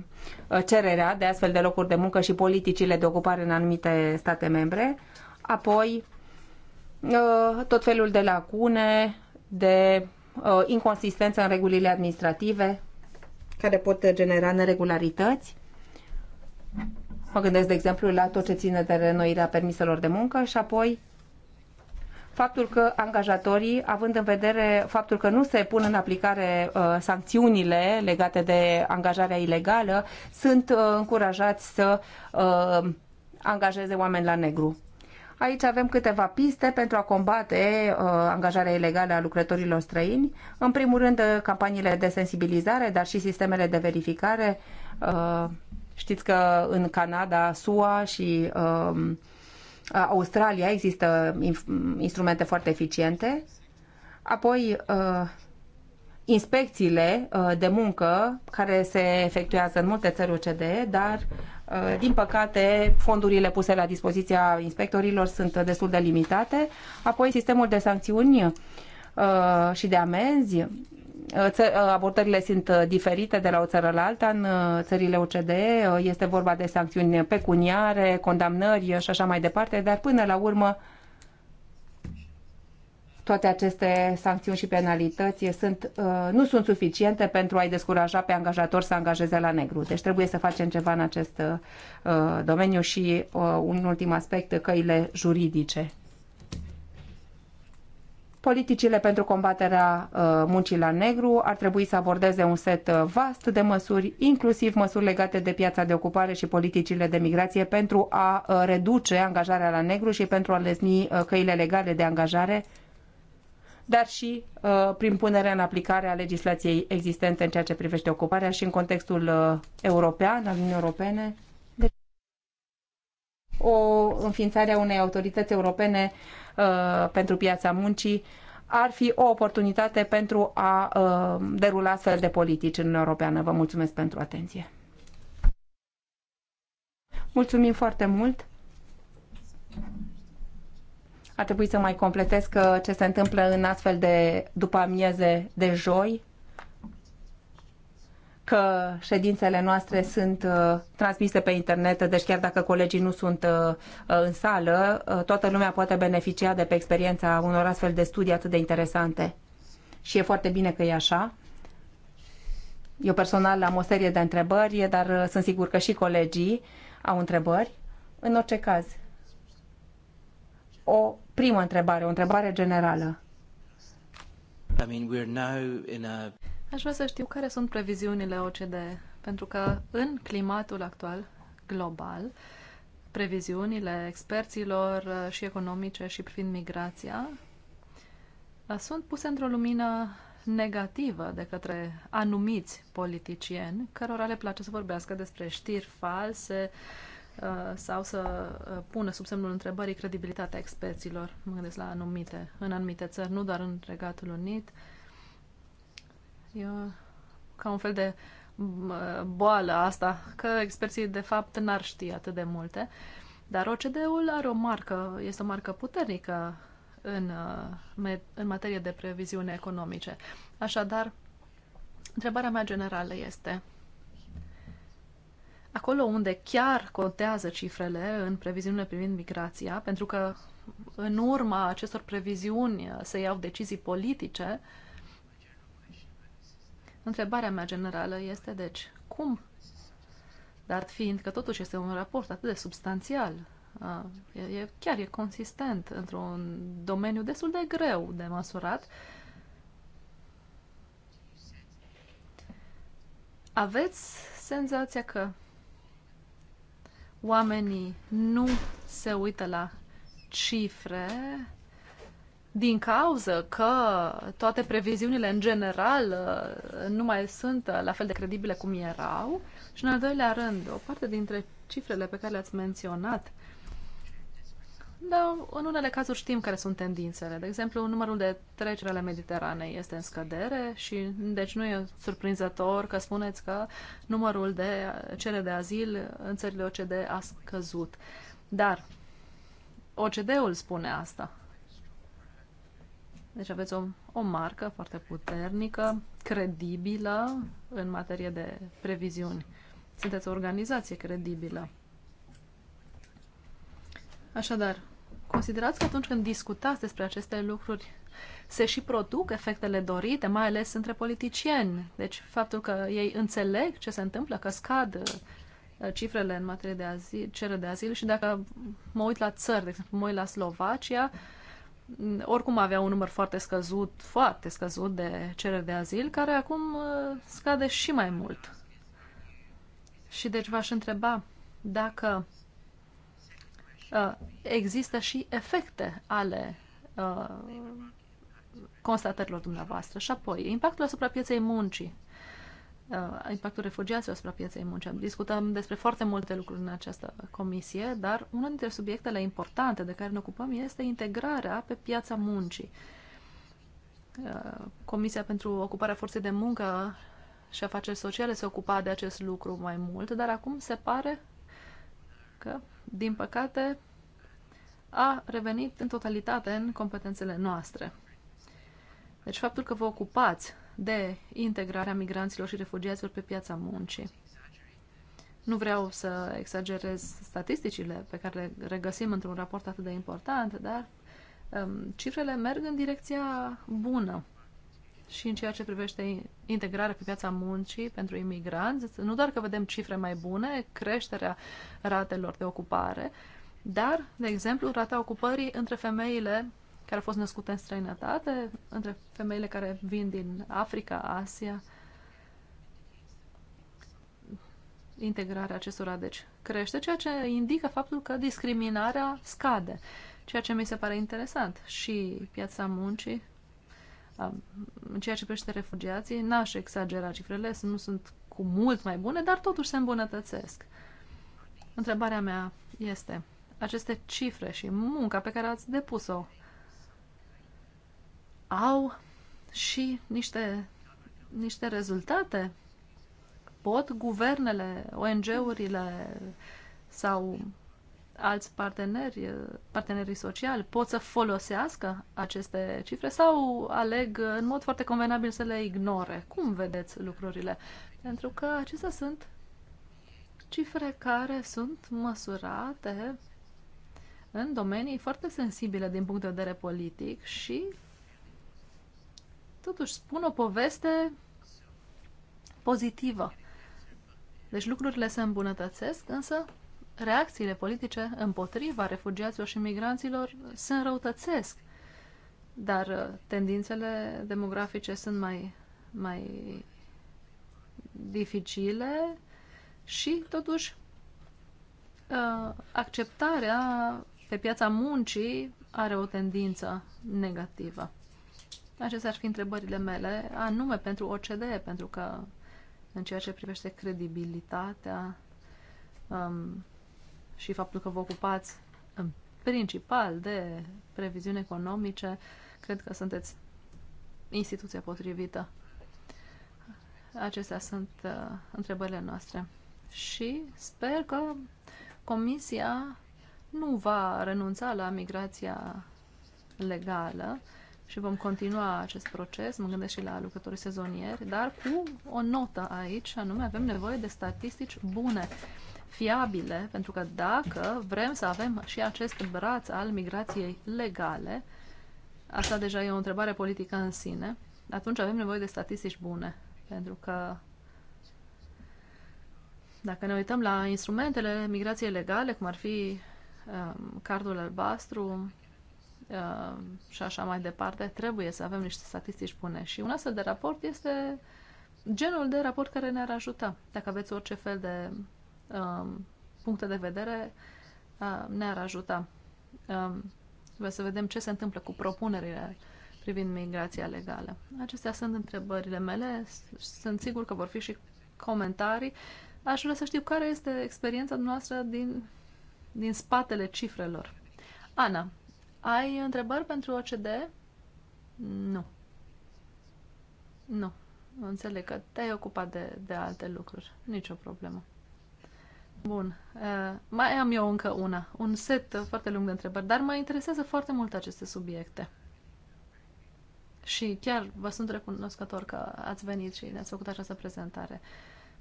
A: cererea de astfel de locuri de muncă și politicile de ocupare în anumite state membre. Apoi, tot felul de lacune, de inconsistență în regulile administrative care pot genera neregularități. Mă gândesc, de exemplu, la tot ce ține de renoirea permiselor de muncă și apoi faptul că angajatorii, având în vedere faptul că nu se pun în aplicare uh, sancțiunile legate de angajarea ilegală, sunt uh, încurajați să uh, angajeze oameni la negru. Aici avem câteva piste pentru a combate uh, angajarea ilegală a lucrătorilor străini. În primul rând, uh, campaniile de sensibilizare, dar și sistemele de verificare. Uh, știți că în Canada, SUA și uh, Australia există instrumente foarte eficiente. Apoi, uh, inspecțiile uh, de muncă care se efectuează în multe țări OCDE, dar uh, din păcate, fondurile puse la dispoziția inspectorilor sunt destul de limitate. Apoi, sistemul de sancțiuni și de amenzi Uh, uh, abordările sunt uh, diferite de la o țară la alta. În țările OCDE este vorba de sancțiuni pecuniare, condamnări și așa mai departe, dar până la urmă toate aceste sancțiuni și penalități sunt, nu sunt suficiente pentru a-i descuraja pe angajator să angajeze la negru. Deci trebuie să facem ceva în acest domeniu și un ultim aspect, căile juridice Politicile pentru combaterea uh, muncii la negru ar trebui să abordeze un set uh, vast de măsuri, inclusiv măsuri legate de piața de ocupare și politicile de migrație pentru a uh, reduce angajarea la negru și pentru a lesni căile legale de angajare, dar și prin punerea în aplicare a legislației existente în ceea ce privește ocuparea și în contextul european, al Uniunii Europene o înființare a unei autorități europene uh, pentru piața muncii ar fi o oportunitate pentru a uh, derula astfel de politici în Europeană. Vă mulțumesc pentru atenție. Mulțumim foarte mult! A trebuit să mai completez că ce se întâmplă în astfel de după amieze de joi că ședințele noastre sunt uh, transmise pe internet, deci chiar dacă colegii nu sunt uh, uh, în sală, uh, toată lumea poate beneficia de pe experiența unor astfel de studii atât de interesante. Și e foarte bine că e așa. Eu personal am o serie de întrebări, dar uh, sunt sigur că și colegii au întrebări. În orice caz, o primă întrebare, o întrebare generală.
C: I mean, we're now in a... Aș vrea să știu care sunt previziunile OCDE, pentru că în climatul actual global, previziunile experților uh, și economice și privind migrația uh, sunt puse într-o lumină negativă de către anumiți politicieni cărora le place să vorbească despre știri false uh, sau să pună sub semnul întrebării credibilitatea experților, mă gândesc la anumite, în anumite țări, nu doar în Regatul Unit, E ca un fel de boală asta, că experții de fapt n-ar ști atât de multe. Dar OCD-ul are o marcă, este o marcă puternică în, uh, în materie de previziune economice. Așadar, întrebarea mea generală este, acolo unde chiar contează cifrele în previziunile privind migrația, pentru că în urma acestor previziuni se iau decizii politice, uh, Întrebarea mea generală este, deci, cum, dat fiind că totuși este un raport atât de substanțial, e, chiar e consistent într-un domeniu destul de greu de măsurat, aveți senzația că oamenii nu se uită la cifre din cauză că toate previziunile în general uh, nu mai sunt uh, la fel de credibile cum erau și în al doilea rând, o parte dintre cifrele pe care le-ați menționat dar în unele cazuri știm care sunt tendințele. De exemplu, numărul de trecere ale Mediteranei este în scădere și deci nu e surprinzător că spuneți că numărul de cere de azil în țările OCD a scăzut. Dar OCD-ul spune asta. Deci aveți o, o marcă foarte puternică, credibilă în materie de previziuni. Sunteți o organizație credibilă. Așadar, considerați că atunci când discutați despre aceste lucruri, se și produc efectele dorite, mai ales între politicieni. Deci faptul că ei înțeleg ce se întâmplă, că scad uh, cifrele în materie de azil, cerere de azil și dacă mă uit la țări, de exemplu, mă uit la Slovacia, uh, oricum avea un număr foarte scăzut, foarte scăzut de cereri de azil, care acum uh, scade și mai mult. Și deci v-aș întreba dacă uh, există și efecte ale uh, constatărilor dumneavoastră. Și apoi, impactul asupra pieței muncii uh, impactul refugiaților asupra pieței muncii. Discutăm despre foarte multe lucruri în această comisie, dar unul dintre subiectele importante de care ne ocupăm este integrarea pe piața muncii. Uh, Comisia pentru ocuparea forței de muncă și afaceri sociale se ocupa de acest lucru mai mult, dar acum se pare că, din păcate, a revenit în totalitate în competențele noastre. Deci faptul că vă ocupați de integrarea migranților și refugiaților pe piața muncii. Nu vreau să exagerez statisticile pe care le regăsim într-un raport atât de important, dar um, cifrele merg în direcția bună și în ceea ce privește integrarea pe piața muncii pentru imigranți, nu doar că vedem cifre mai bune, creșterea ratelor de ocupare, dar, de exemplu, rata ocupării între femeile care au fost născute în străinătate, între femeile care vin din Africa, Asia, integrarea acestora, deci, crește, ceea ce indică faptul că discriminarea scade, ceea ce mi se pare interesant. Și piața muncii, în ceea ce privește refugiații, n-aș exagera cifrele, nu sunt cu mult mai bune, dar totuși se îmbunătățesc. Întrebarea mea este, aceste cifre și munca pe care ați depus-o au și niște, niște rezultate? Pot guvernele, ONG-urile sau alți parteneri, partenerii sociali, pot să folosească aceste cifre sau aleg în mod foarte convenabil să le ignore? Cum vedeți lucrurile? Pentru că acestea sunt cifre care sunt măsurate în domenii foarte sensibile din punct de vedere politic și totuși spun o poveste pozitivă. Deci lucrurile se îmbunătățesc, însă reacțiile politice împotriva refugiaților și migranților se înrăutățesc. Dar uh, tendințele demografice sunt mai, mai dificile și, totuși, uh, acceptarea pe piața muncii are o tendință negativă. Acestea ar fi întrebările mele, anume pentru OCDE, pentru că în ceea ce privește credibilitatea um, și faptul că vă ocupați în principal de previziuni economice, cred că sunteți instituția potrivită. Acestea sunt uh, întrebările noastre. Și sper că Comisia nu va renunța la migrația legală, și vom continua acest proces, mă gândesc și la lucrătorii sezonieri, dar cu o notă aici, anume avem nevoie de statistici bune, fiabile, pentru că dacă vrem să avem și acest braț al migrației legale, asta deja e o întrebare politică în sine, atunci avem nevoie de statistici bune, pentru că dacă ne uităm la instrumentele migrației legale, cum ar fi um, cardul albastru, uh, și așa mai departe, trebuie să avem niște statistici bune. Și un astfel de raport este genul de raport care ne-ar ajuta. Dacă aveți orice fel de uh, puncte de vedere, uh, ne-ar ajuta. Uh, să vedem ce se întâmplă cu propunerile privind migrația legală. Acestea sunt întrebările mele. Sunt sigur că vor fi și comentarii. Aș vrea să știu care este experiența noastră din, din spatele cifrelor. Ana, ai întrebări pentru OCD? Nu. Nu. Înțeleg că te-ai ocupat de, de alte lucruri. Nicio problemă. Bun. Uh, mai am eu încă una. Un set foarte lung de întrebări, dar mă interesează foarte mult aceste subiecte. Și chiar vă sunt recunoscător că ați venit și ne-ați făcut această prezentare.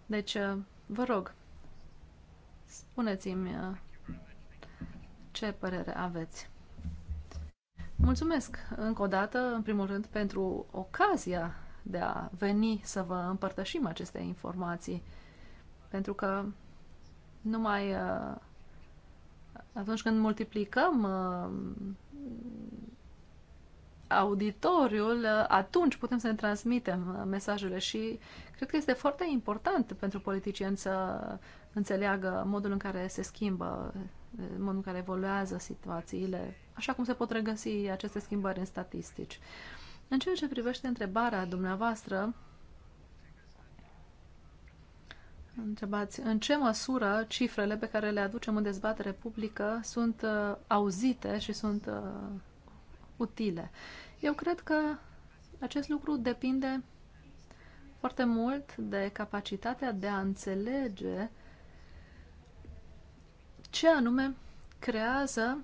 C: Deci, uh, vă rog, spuneți-mi uh, ce părere aveți. Mulțumesc încă o dată, în primul rând, pentru ocazia de a veni să vă împărtășim aceste informații, pentru că numai uh, atunci când multiplicăm uh, auditoriul, uh, atunci putem să ne transmitem mesajele și cred că este foarte important pentru politicieni să înțeleagă modul în care se schimbă, modul în care evoluează situațiile așa cum se pot regăsi aceste schimbări în statistici. În ceea ce privește întrebarea dumneavoastră, întrebați în ce măsură cifrele pe care le aducem în dezbatere publică sunt uh, auzite și sunt uh, utile. Eu cred că acest lucru depinde foarte mult de capacitatea de a înțelege ce anume creează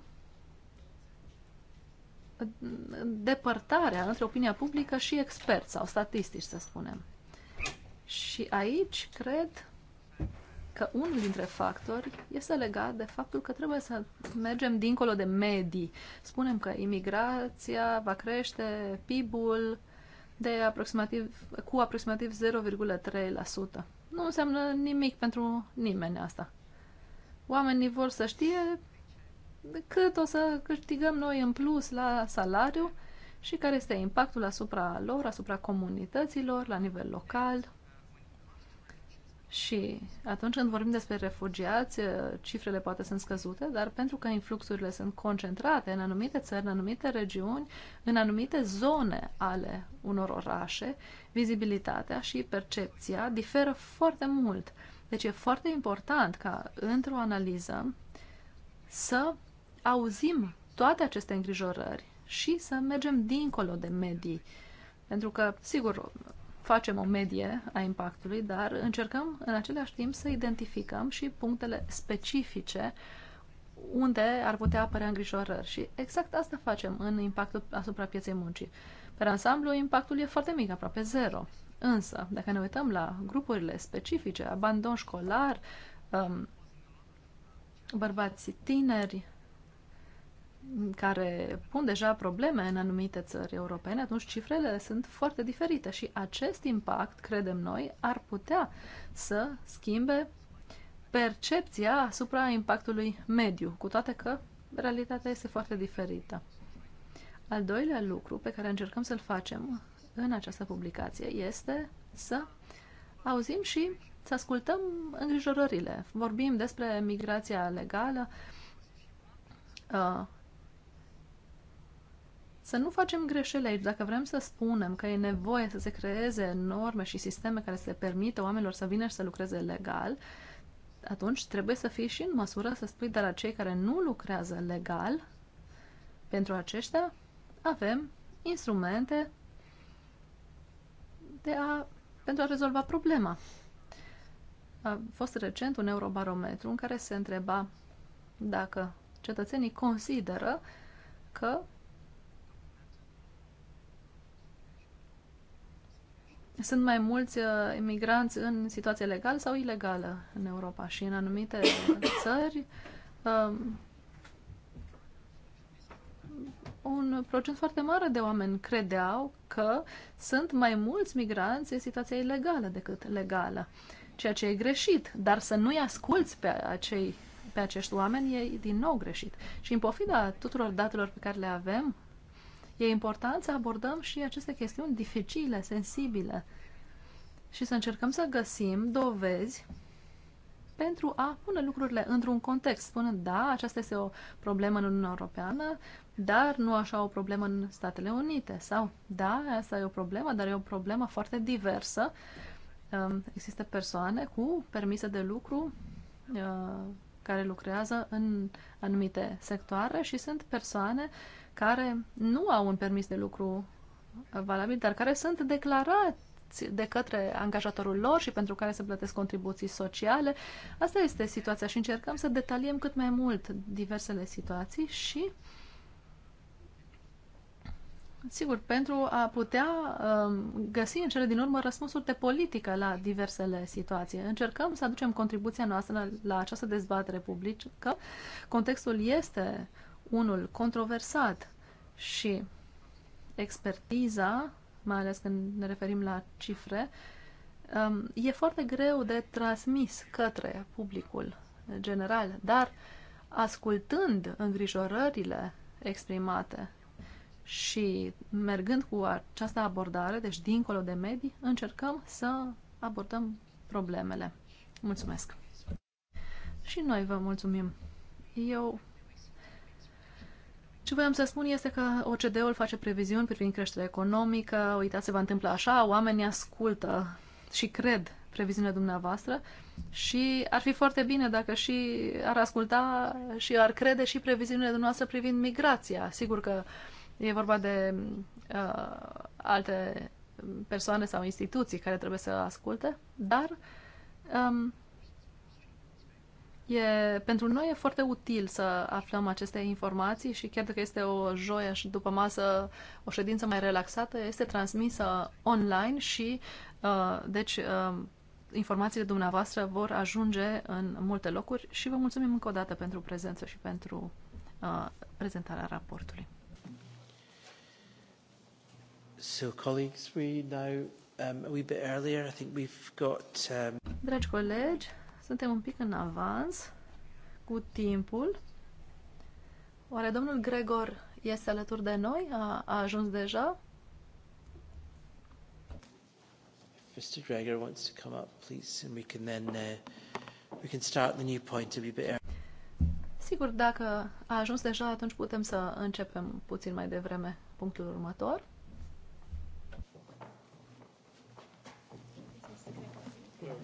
C: depărtarea între opinia publică și experți sau statistici, să spunem. Și aici cred că unul dintre factori este legat de faptul că trebuie să mergem dincolo de medii. Spunem că imigrația va crește PIB-ul de aproximativ, cu aproximativ 0,3%. Nu înseamnă nimic pentru nimeni asta. Oamenii vor să știe cât o să câștigăm noi în plus la salariu și care este impactul asupra lor, asupra comunităților, la nivel local. Și atunci când vorbim despre refugiați, cifrele poate sunt scăzute, dar pentru că influxurile sunt concentrate în anumite țări, în anumite regiuni, în anumite zone ale unor orașe, vizibilitatea și percepția diferă foarte mult. Deci e foarte important ca într-o analiză să auzim toate aceste îngrijorări și să mergem dincolo de medii. Pentru că, sigur, facem o medie a impactului, dar încercăm în același timp să identificăm și punctele specifice unde ar putea apărea îngrijorări. Și exact asta facem în impactul asupra pieței muncii. Pe ansamblu, impactul e foarte mic, aproape zero. Însă, dacă ne uităm la grupurile specifice, abandon școlar, bărbații um, bărbați tineri, care pun deja probleme în anumite țări europene, atunci cifrele sunt foarte diferite și acest impact, credem noi, ar putea să schimbe percepția asupra impactului mediu, cu toate că realitatea este foarte diferită. Al doilea lucru pe care încercăm să-l facem în această publicație este să auzim și să ascultăm îngrijorările. Vorbim despre migrația legală, uh, să nu facem greșeli aici. Dacă vrem să spunem că e nevoie să se creeze norme și sisteme care să le permită oamenilor să vină și să lucreze legal, atunci trebuie să fii și în măsură să spui de la cei care nu lucrează legal, pentru aceștia avem instrumente de a, pentru a rezolva problema. A fost recent un eurobarometru în care se întreba dacă cetățenii consideră că sunt mai mulți uh, imigranți în situație legală sau ilegală în Europa și în anumite țări um, un procent foarte mare de oameni credeau că sunt mai mulți migranți în situație ilegală decât legală, ceea ce e greșit, dar să nu-i asculți pe acei pe acești oameni e din nou greșit. Și în pofida tuturor datelor pe care le avem, E important să abordăm și aceste chestiuni dificile, sensibile și să încercăm să găsim dovezi pentru a pune lucrurile într-un context, spunând, da, aceasta este o problemă în Uniunea Europeană, dar nu așa o problemă în Statele Unite, sau, da, asta e o problemă, dar e o problemă foarte diversă. Um, există persoane cu permise de lucru uh, care lucrează în anumite sectoare și sunt persoane uh, care nu au un permis de lucru valabil, dar care sunt declarați de către angajatorul lor și pentru care se plătesc contribuții sociale. Asta este situația și încercăm să detaliem cât mai mult diversele situații și Sigur, pentru a putea um, găsi în cele din urmă răspunsuri de politică la diversele situații. Încercăm să aducem contribuția noastră la, la această dezbatere publică. Contextul este unul controversat și expertiza, mai ales când ne referim la cifre, um, e foarte greu de transmis către publicul general, dar ascultând îngrijorările exprimate și mergând cu această abordare, deci dincolo de medii, încercăm să abordăm problemele. Mulțumesc! Și noi vă mulțumim! Eu ce voiam să spun este că OCDE-ul face previziuni privind creșterea economică, uitați, se va întâmpla așa, oamenii ascultă și cred previziunile dumneavoastră și ar fi foarte bine dacă și ar asculta și ar crede și previziunile dumneavoastră privind migrația. Sigur că e vorba de uh, alte persoane sau instituții care trebuie să asculte, dar um, E, pentru noi e foarte util să aflăm aceste informații și chiar dacă este o joie și după masă o ședință mai relaxată, este transmisă online și uh, deci uh, informațiile dumneavoastră vor ajunge în multe locuri și vă mulțumim încă o dată pentru prezență și pentru uh, prezentarea raportului.
B: So colleagues, we now um, a wee bit earlier, I think we've got um...
C: Dragi colegi, suntem un pic în avans cu timpul. Oare domnul Gregor este alături de noi? A, a ajuns deja?
B: Mr. Gregor wants to come up, please, and we can then uh, we can start the new point a bit better.
C: Sigur, dacă a ajuns deja, atunci putem să începem puțin mai devreme punctul următor.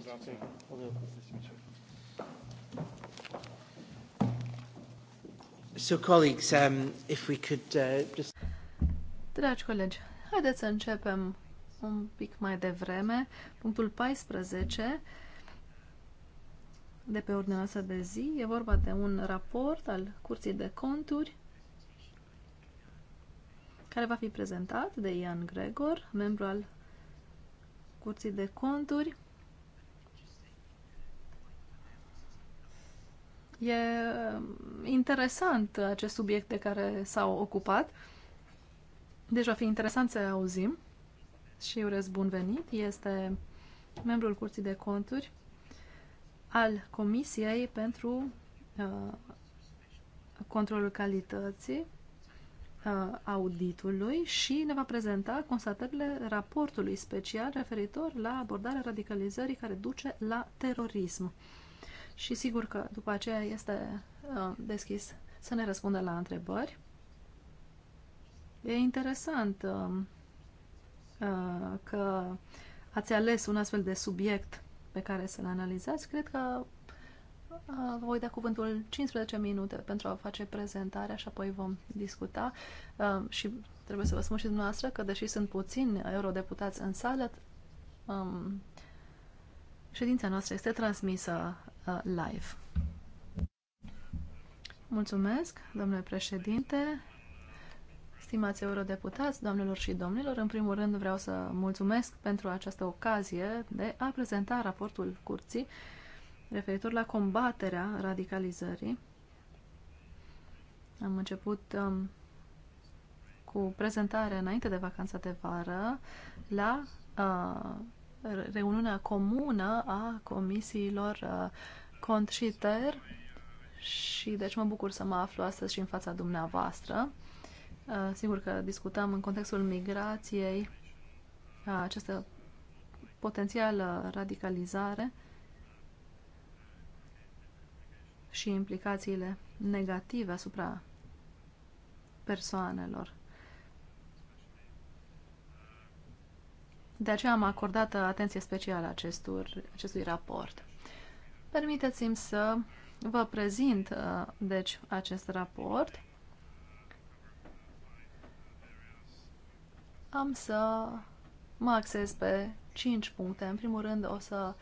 B: Grazie. So, colleagues, um, if we could uh, just...
C: Dragi colegi, haideți să începem un pic mai devreme. Punctul 14 de pe ordinea noastră de zi e vorba de un raport al Curții de Conturi care va fi prezentat de Ian Gregor, membru al Curții de Conturi E um, interesant acest subiect de care s-au ocupat. Deci va fi interesant să auzim și urez bun venit. Este membrul Curții de Conturi al Comisiei pentru uh, Controlul Calității uh, Auditului și ne va prezenta constatările raportului special referitor la abordarea radicalizării care duce la terorism și sigur că după aceea este uh, deschis să ne răspundă la întrebări. E interesant uh, uh, că ați ales un astfel de subiect pe care să-l analizați. Cred că voi da cuvântul 15 minute pentru a face prezentarea și apoi vom discuta. Și trebuie să vă spun și dumneavoastră că, deși sunt puțini eurodeputați în sală, um, ședința noastră este transmisă Uh, live. Mulțumesc, domnule președinte, stimați eurodeputați, doamnelor și domnilor. În primul rând vreau să mulțumesc pentru această ocazie de a prezenta raportul curții referitor la combaterea radicalizării. Am început um, cu prezentarea înainte de vacanța de vară la uh, reuniunea comună a comisiilor uh, cont și ter și deci mă bucur să mă aflu astăzi și în fața dumneavoastră. Uh, sigur că discutăm în contextul migrației uh, această potențială radicalizare și implicațiile negative asupra persoanelor. De aceea am acordat atenție specială acestor, acestui raport. Permiteți-mi să vă prezint, uh, deci, acest raport. Am să mă axez pe 5 puncte. În primul rând o să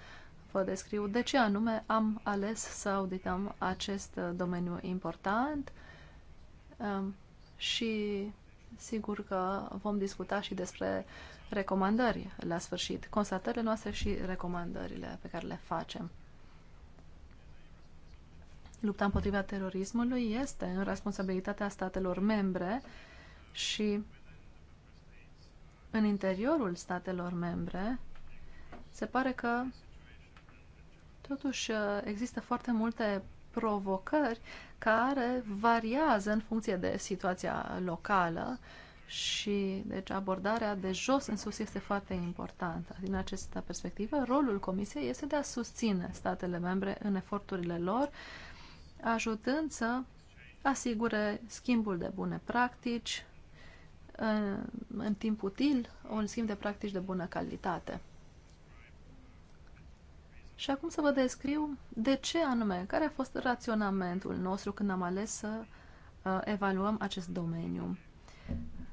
C: vă descriu de ce anume am ales să audităm acest uh, domeniu important um, și sigur că vom discuta și despre uh, recomandări la sfârșit, constatările noastre și recomandările pe care le facem. Lupta împotriva terorismului este în responsabilitatea statelor membre și în interiorul statelor membre se pare că totuși există foarte multe provocări care variază în funcție de situația locală și, deci, abordarea de jos în sus este foarte importantă. Din această perspectivă, rolul Comisiei este de a susține statele membre în eforturile lor, ajutând să asigure schimbul de bune practici, în, în timp util, un schimb de practici de bună calitate. Și acum să vă descriu de ce anume, care a fost raționamentul nostru când am ales să uh, evaluăm acest domeniu.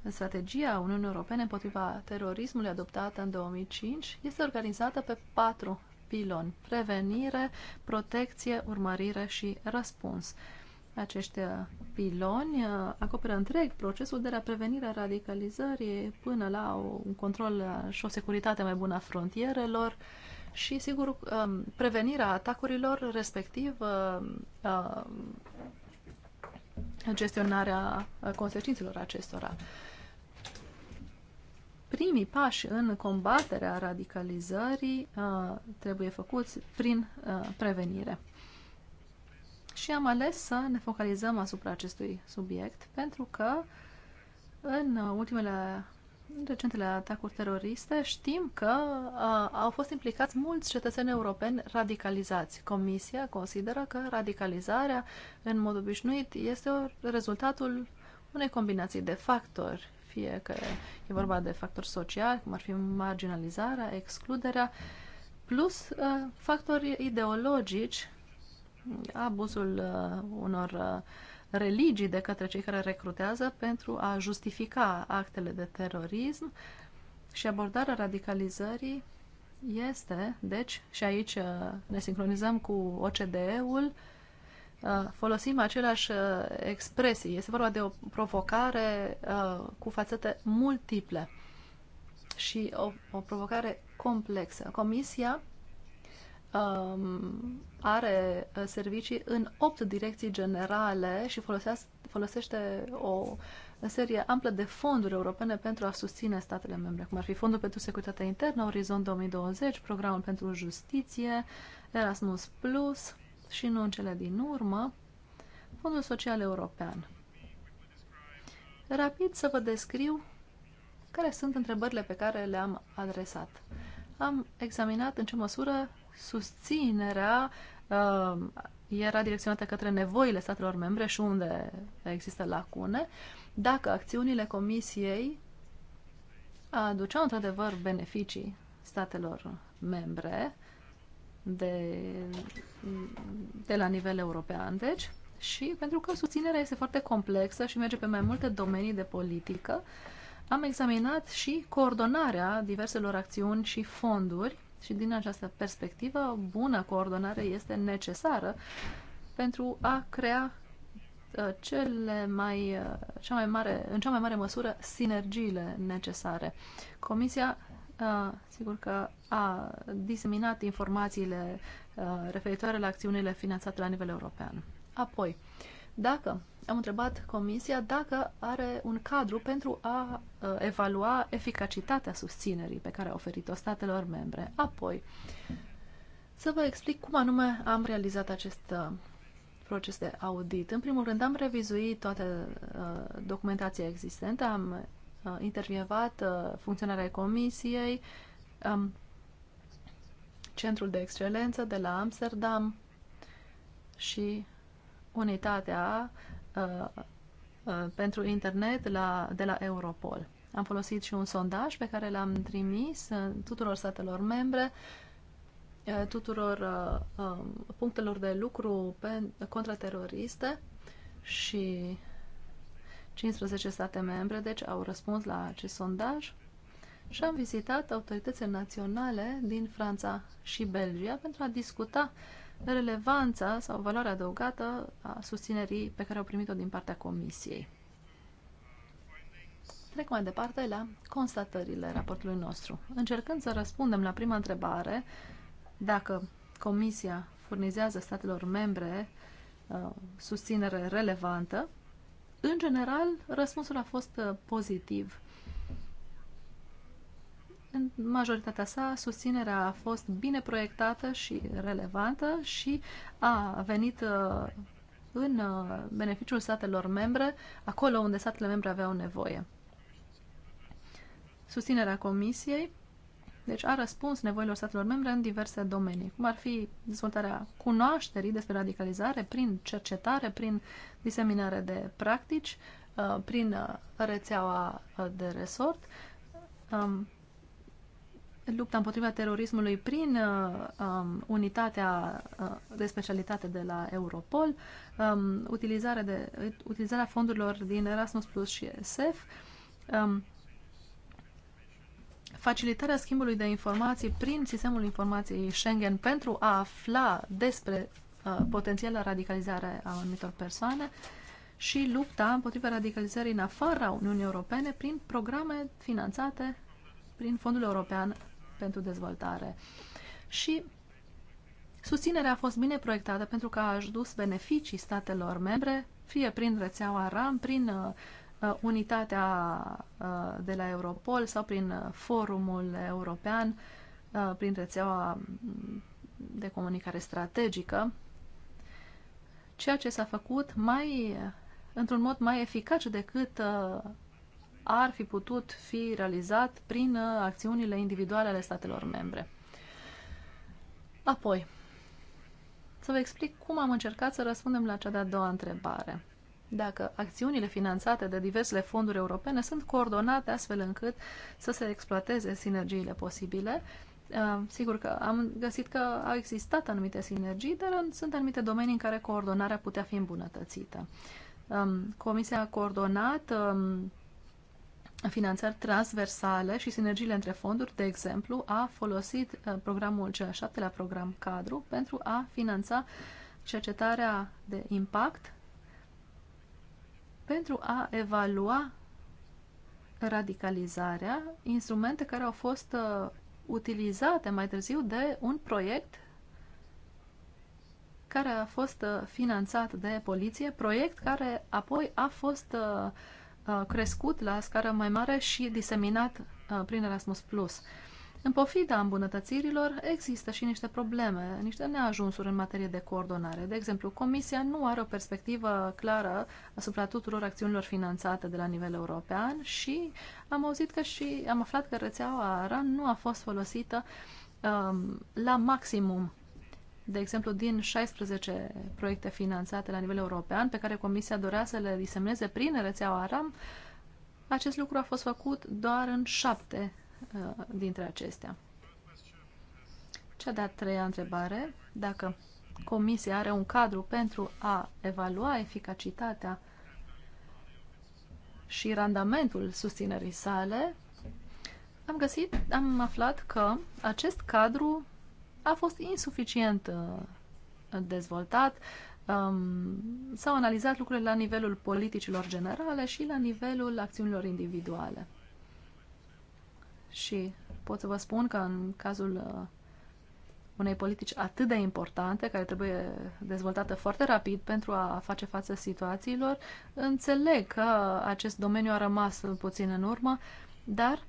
C: În strategia Uniunii Europene împotriva terorismului adoptată în 2005 este organizată pe patru piloni. Prevenire, protecție, urmărire și răspuns. Acești uh, piloni uh, acoperă întreg procesul de la prevenirea radicalizării până la un control uh, și o securitate mai bună a frontierelor și, sigur, um, prevenirea atacurilor, respectiv gestionarea consecințelor acestora primii pași în combaterea radicalizării uh, trebuie făcuți prin uh, prevenire. Și am ales să ne focalizăm asupra acestui subiect pentru că în ultimele în recentele atacuri teroriste, știm că a, uh, au fost implicați mulți cetățeni europeni radicalizați. Comisia consideră că radicalizarea, în mod obișnuit, este rezultatul unei combinații de factori fie că e vorba de factori sociali, cum ar fi marginalizarea, excluderea, plus uh, factori ideologici, abuzul uh, unor uh, religii de către cei care recrutează pentru a justifica actele de terorism și abordarea radicalizării este, deci, și aici ne sincronizăm cu OCDE-ul, Uh, folosim aceleași uh, expresii. Este vorba de o provocare uh, cu fațete multiple și o, o provocare complexă. Comisia um, are servicii în opt direcții generale și folosește o serie amplă de fonduri europene pentru a susține statele membre, cum ar fi Fondul pentru Securitatea Internă, Orizont 2020, Programul pentru Justiție, Erasmus+, Plus, și nu în cele din urmă, Fondul Social European. Rapid să vă descriu care sunt întrebările pe care le-am adresat. Am examinat în ce măsură susținerea uh, era direcționată către nevoile statelor membre și unde există lacune, dacă acțiunile Comisiei aduceau într-adevăr beneficii statelor membre, de, de la nivel european, deci, și pentru că susținerea este foarte complexă și merge pe mai multe domenii de politică, am examinat și coordonarea diverselor acțiuni și fonduri și din această perspectivă, bună coordonare este necesară pentru a crea uh, cele mai, uh, cea mai mare, în cea mai mare măsură sinergiile necesare. Comisia sigur că a diseminat informațiile referitoare la acțiunile finanțate la nivel european. Apoi, dacă am întrebat Comisia dacă are un cadru pentru a evalua eficacitatea susținerii pe care a oferit-o statelor membre. Apoi, să vă explic cum anume am realizat acest proces de audit. În primul rând, am revizuit toată uh, documentația existentă, am Uh, intervievat uh, funcționarea comisiei, um, Centrul de Excelență de la Amsterdam și unitatea uh, pentru internet la, de la Europol. Am folosit și un sondaj pe care l-am trimis tuturor statelor membre, tuturor um, punctelor de lucru contrateroriste și 15 state membre, deci, au răspuns la acest sondaj și am vizitat autoritățile naționale din Franța și Belgia pentru a discuta relevanța sau valoarea adăugată a susținerii pe care au primit-o din partea Comisiei. Trec mai departe la constatările raportului nostru. Încercând să răspundem la prima întrebare, dacă Comisia furnizează statelor membre uh, susținere relevantă, în general, răspunsul a fost uh, pozitiv. În majoritatea sa, susținerea a fost bine proiectată și relevantă și a venit uh, în uh, beneficiul statelor membre, acolo unde statele membre aveau nevoie. Susținerea Comisiei deci a răspuns nevoilor statelor membre în diverse domenii, cum ar fi dezvoltarea cunoașterii despre radicalizare prin cercetare, prin diseminare de practici, uh, prin uh, rețeaua uh, de resort, um, lupta împotriva terorismului prin um, unitatea de specialitate de la Europol, um, utilizarea, de, utilizarea fondurilor din Erasmus Plus și ESF, facilitarea schimbului de informații prin sistemul informației Schengen pentru a afla despre uh, potențiala radicalizare a anumitor persoane și lupta împotriva radicalizării în afara Uniunii Europene prin programe finanțate prin Fondul European pentru Dezvoltare. Și susținerea a fost bine proiectată pentru că a adus beneficii statelor membre, fie prin rețeaua RAM, prin uh, Uh, unitatea uh, de la Europol sau prin uh, forumul european, prin rețeaua mm, de comunicare strategică, ceea ce s-a făcut mai într-un mod mai eficace decât ar fi putut fi realizat prin acțiunile individuale ale statelor membre. Apoi, să vă explic cum am încercat să răspundem la cea de-a doua întrebare dacă acțiunile finanțate de diversele fonduri europene sunt coordonate astfel încât să se exploateze sinergiile posibile. Uh, sigur că am găsit că au existat anumite sinergii, dar sunt anumite domenii în care coordonarea putea fi îmbunătățită. Um, Comisia a coordonat um, finanțări transversale și sinergiile între fonduri, de exemplu, a folosit uh, programul cel 7 la program cadru pentru a finanța cercetarea de impact pentru a evalua radicalizarea, instrumente care au fost uh, utilizate mai târziu de un proiect care a fost uh, finanțat de poliție, proiect care apoi a fost uh, uh crescut la scară mai mare și diseminat uh, prin Erasmus+. În pofida îmbunătățirilor, există și niște probleme, niște neajunsuri în materie de coordonare. De exemplu, Comisia nu are o perspectivă clară asupra tuturor acțiunilor finanțate de la nivel european și am auzit că și am aflat că rețeaua RAN nu a fost folosită um, la maximum. De exemplu, din 16 proiecte finanțate la nivel european pe care Comisia dorea să le disemneze prin rețeaua RAM, acest lucru a fost făcut doar în șapte Uh, dintre acestea. Cea de-a treia întrebare, dacă Comisia are un cadru pentru a evalua eficacitatea și randamentul susținerii sale, am găsit, am aflat că acest cadru a fost insuficient uh, dezvoltat. Um, s-au analizat lucrurile la nivelul politicilor generale și la nivelul acțiunilor individuale și pot să vă spun că în cazul uh, unei politici atât de importante, care trebuie dezvoltată foarte rapid pentru a face față situațiilor, înțeleg că acest domeniu a rămas puțin în urmă, dar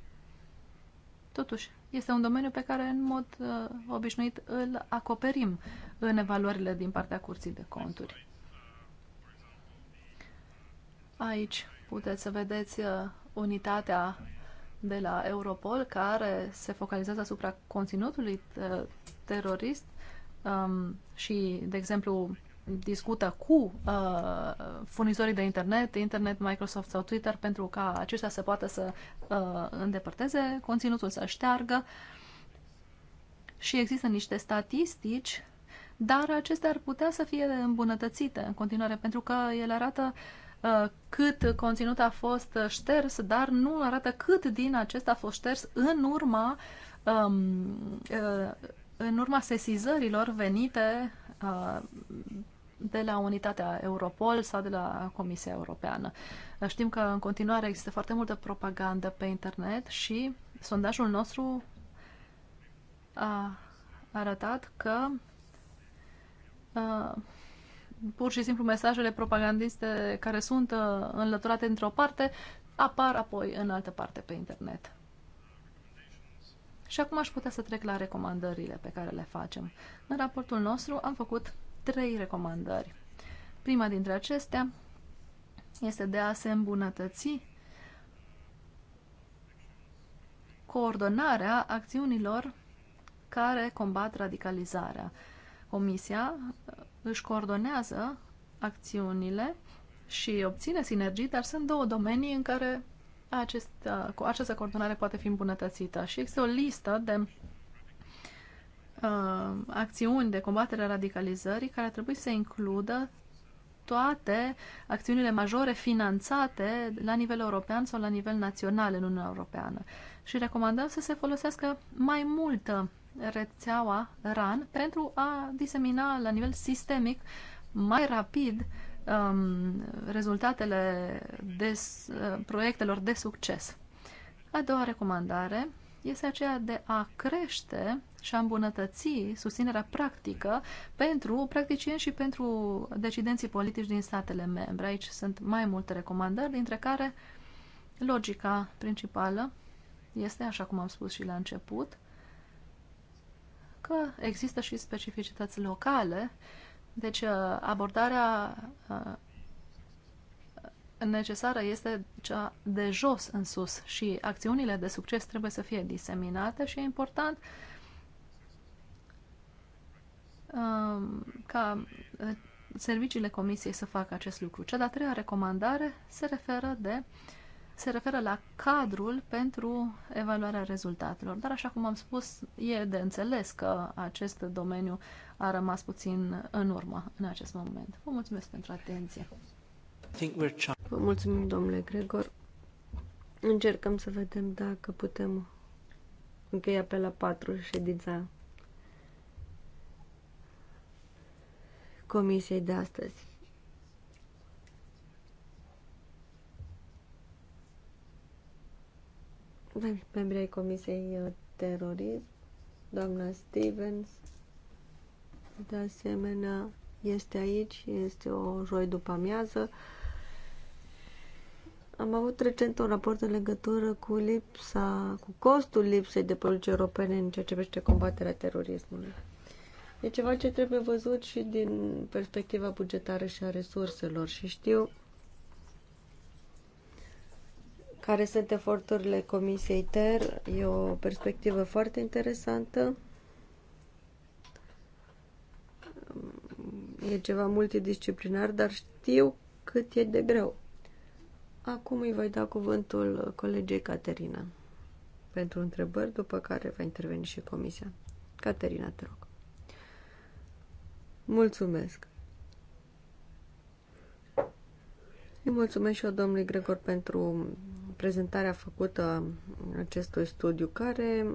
C: totuși este un domeniu pe care în mod uh, obișnuit îl acoperim în evaluările din partea curții de conturi. Aici puteți să vedeți uh, unitatea de la Europol care se focalizează asupra conținutului uh, terorist um, și, de exemplu, discută cu uh, furnizorii de internet, internet, Microsoft sau Twitter, pentru ca aceștia să poată să uh, îndepărteze conținutul, să șteargă. Și există niște statistici, dar acestea ar putea să fie îmbunătățite în continuare, pentru că ele arată uh, Uh, cât conținut a fost șters, dar nu arată cât din acesta a fost șters în urma, um, uh, în urma sesizărilor venite uh, de la unitatea Europol sau de la Comisia Europeană. Știm că în continuare există foarte multă propagandă pe internet și sondajul nostru a arătat că pur și simplu mesajele propagandiste care sunt uh, înlăturate într-o parte apar apoi în altă parte pe internet. Și acum aș putea să trec la recomandările pe care le facem. În raportul nostru am făcut trei recomandări. Prima dintre acestea este de a se îmbunătăți coordonarea acțiunilor care combat radicalizarea. Comisia își coordonează acțiunile și obține sinergii, dar sunt două domenii în care uh, cu această coordonare poate fi îmbunătățită. Și există o listă de uh, acțiuni de combatere a radicalizării care trebuie să includă toate acțiunile majore finanțate la nivel european sau la nivel național în Uniunea Europeană. Și recomandăm să se folosească mai multă rețeaua RAN pentru a disemina la nivel sistemic mai rapid um, rezultatele des, uh, proiectelor de succes. A doua recomandare este aceea de a crește și a îmbunătăți susținerea practică pentru practicieni și pentru decidenții politici din statele membre. Aici sunt mai multe recomandări, dintre care logica principală este, așa cum am spus și la început, că există și specificități locale, deci uh, abordarea uh, necesară este cea de jos în sus și acțiunile de succes trebuie să fie diseminate și e important um, ca uh, serviciile comisiei să facă acest lucru. Cea de-a treia recomandare se referă de uh, se referă la cadrul pentru evaluarea rezultatelor. Dar, așa cum am spus, e de înțeles că acest domeniu a rămas puțin în urmă în acest moment. Vă mulțumesc pentru atenție. Vă mulțumim, domnule Gregor. Încercăm să vedem dacă putem încheia
B: pe la patru ședința comisiei de astăzi. membri ai Comisiei uh, Terorism, doamna Stevens, de asemenea, este aici, este o joi după amiază. Am avut recent un raport în legătură cu lipsa, cu costul lipsei de politici europene în ceea ce privește combaterea terorismului. E ceva ce trebuie văzut și din perspectiva bugetară și a resurselor și știu care sunt eforturile Comisiei TER. E o perspectivă foarte interesantă. E ceva multidisciplinar, dar știu cât e de greu. Acum îi voi da cuvântul colegei Caterina pentru întrebări, după care va interveni și comisia. Caterina, te rog. Mulțumesc. Îi mulțumesc și eu domnului Gregor pentru prezentarea făcută acestui studiu, care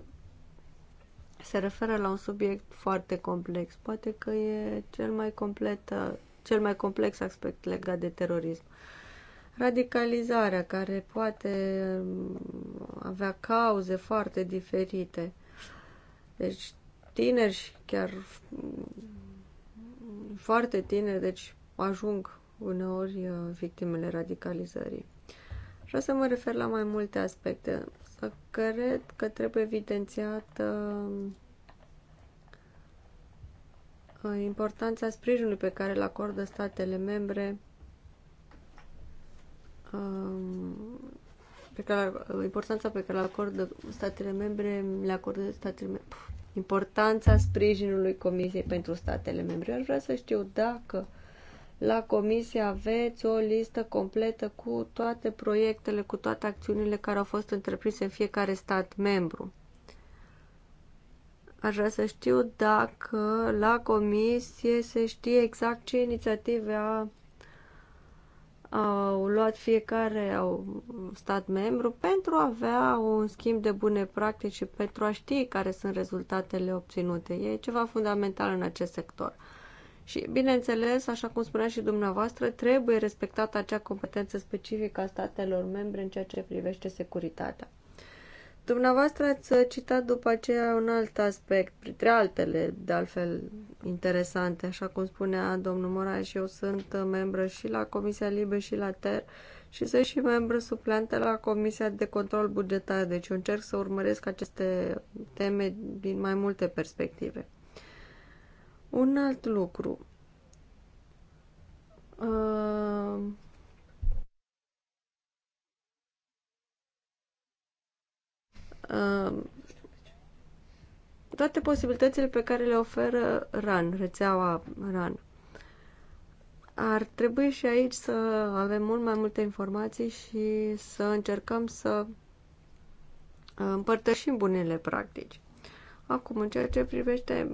B: se referă la un subiect foarte complex. Poate că e cel mai, complet, cel mai complex aspect legat de terorism. Radicalizarea, care poate avea cauze foarte diferite. Deci, tineri și chiar foarte tineri, deci ajung uneori uh, victimele radicalizării. Vreau să mă refer la mai multe aspecte. Să cred că trebuie evidențiată uh, importanța sprijinului pe care îl acordă statele membre um, pe care, uh, importanța pe care le acordă statele membre, le acordă statele membre, importanța sprijinului Comisiei pentru statele membre. Aș vrea să știu dacă uh, la comisie aveți o listă completă cu toate proiectele, cu toate acțiunile care au fost întreprinse în fiecare stat membru. Aș vrea să știu dacă la comisie se știe exact ce inițiative a, au luat fiecare au stat membru pentru a avea un schimb de bune practici și pentru a ști care sunt rezultatele obținute. E ceva fundamental în acest sector. Și, bineînțeles, așa cum spunea și dumneavoastră, trebuie respectată acea competență specifică a statelor membre în ceea ce privește securitatea. Dumneavoastră ați citat după aceea un alt aspect, printre altele, de altfel, interesante, așa cum spunea domnul Moraes, eu sunt membră și la Comisia Libe și la TER și sunt și membră suplantă la Comisia de Control Bugetar, deci eu încerc să urmăresc aceste teme din mai multe perspective. Un alt lucru. Uh... Uh, toate posibilitățile pe care le oferă RAN, rețeaua RAN. Ar trebui și aici să avem mult mai multe informații și să încercăm să uh, împărtășim bunele practici. Acum, în ceea ce privește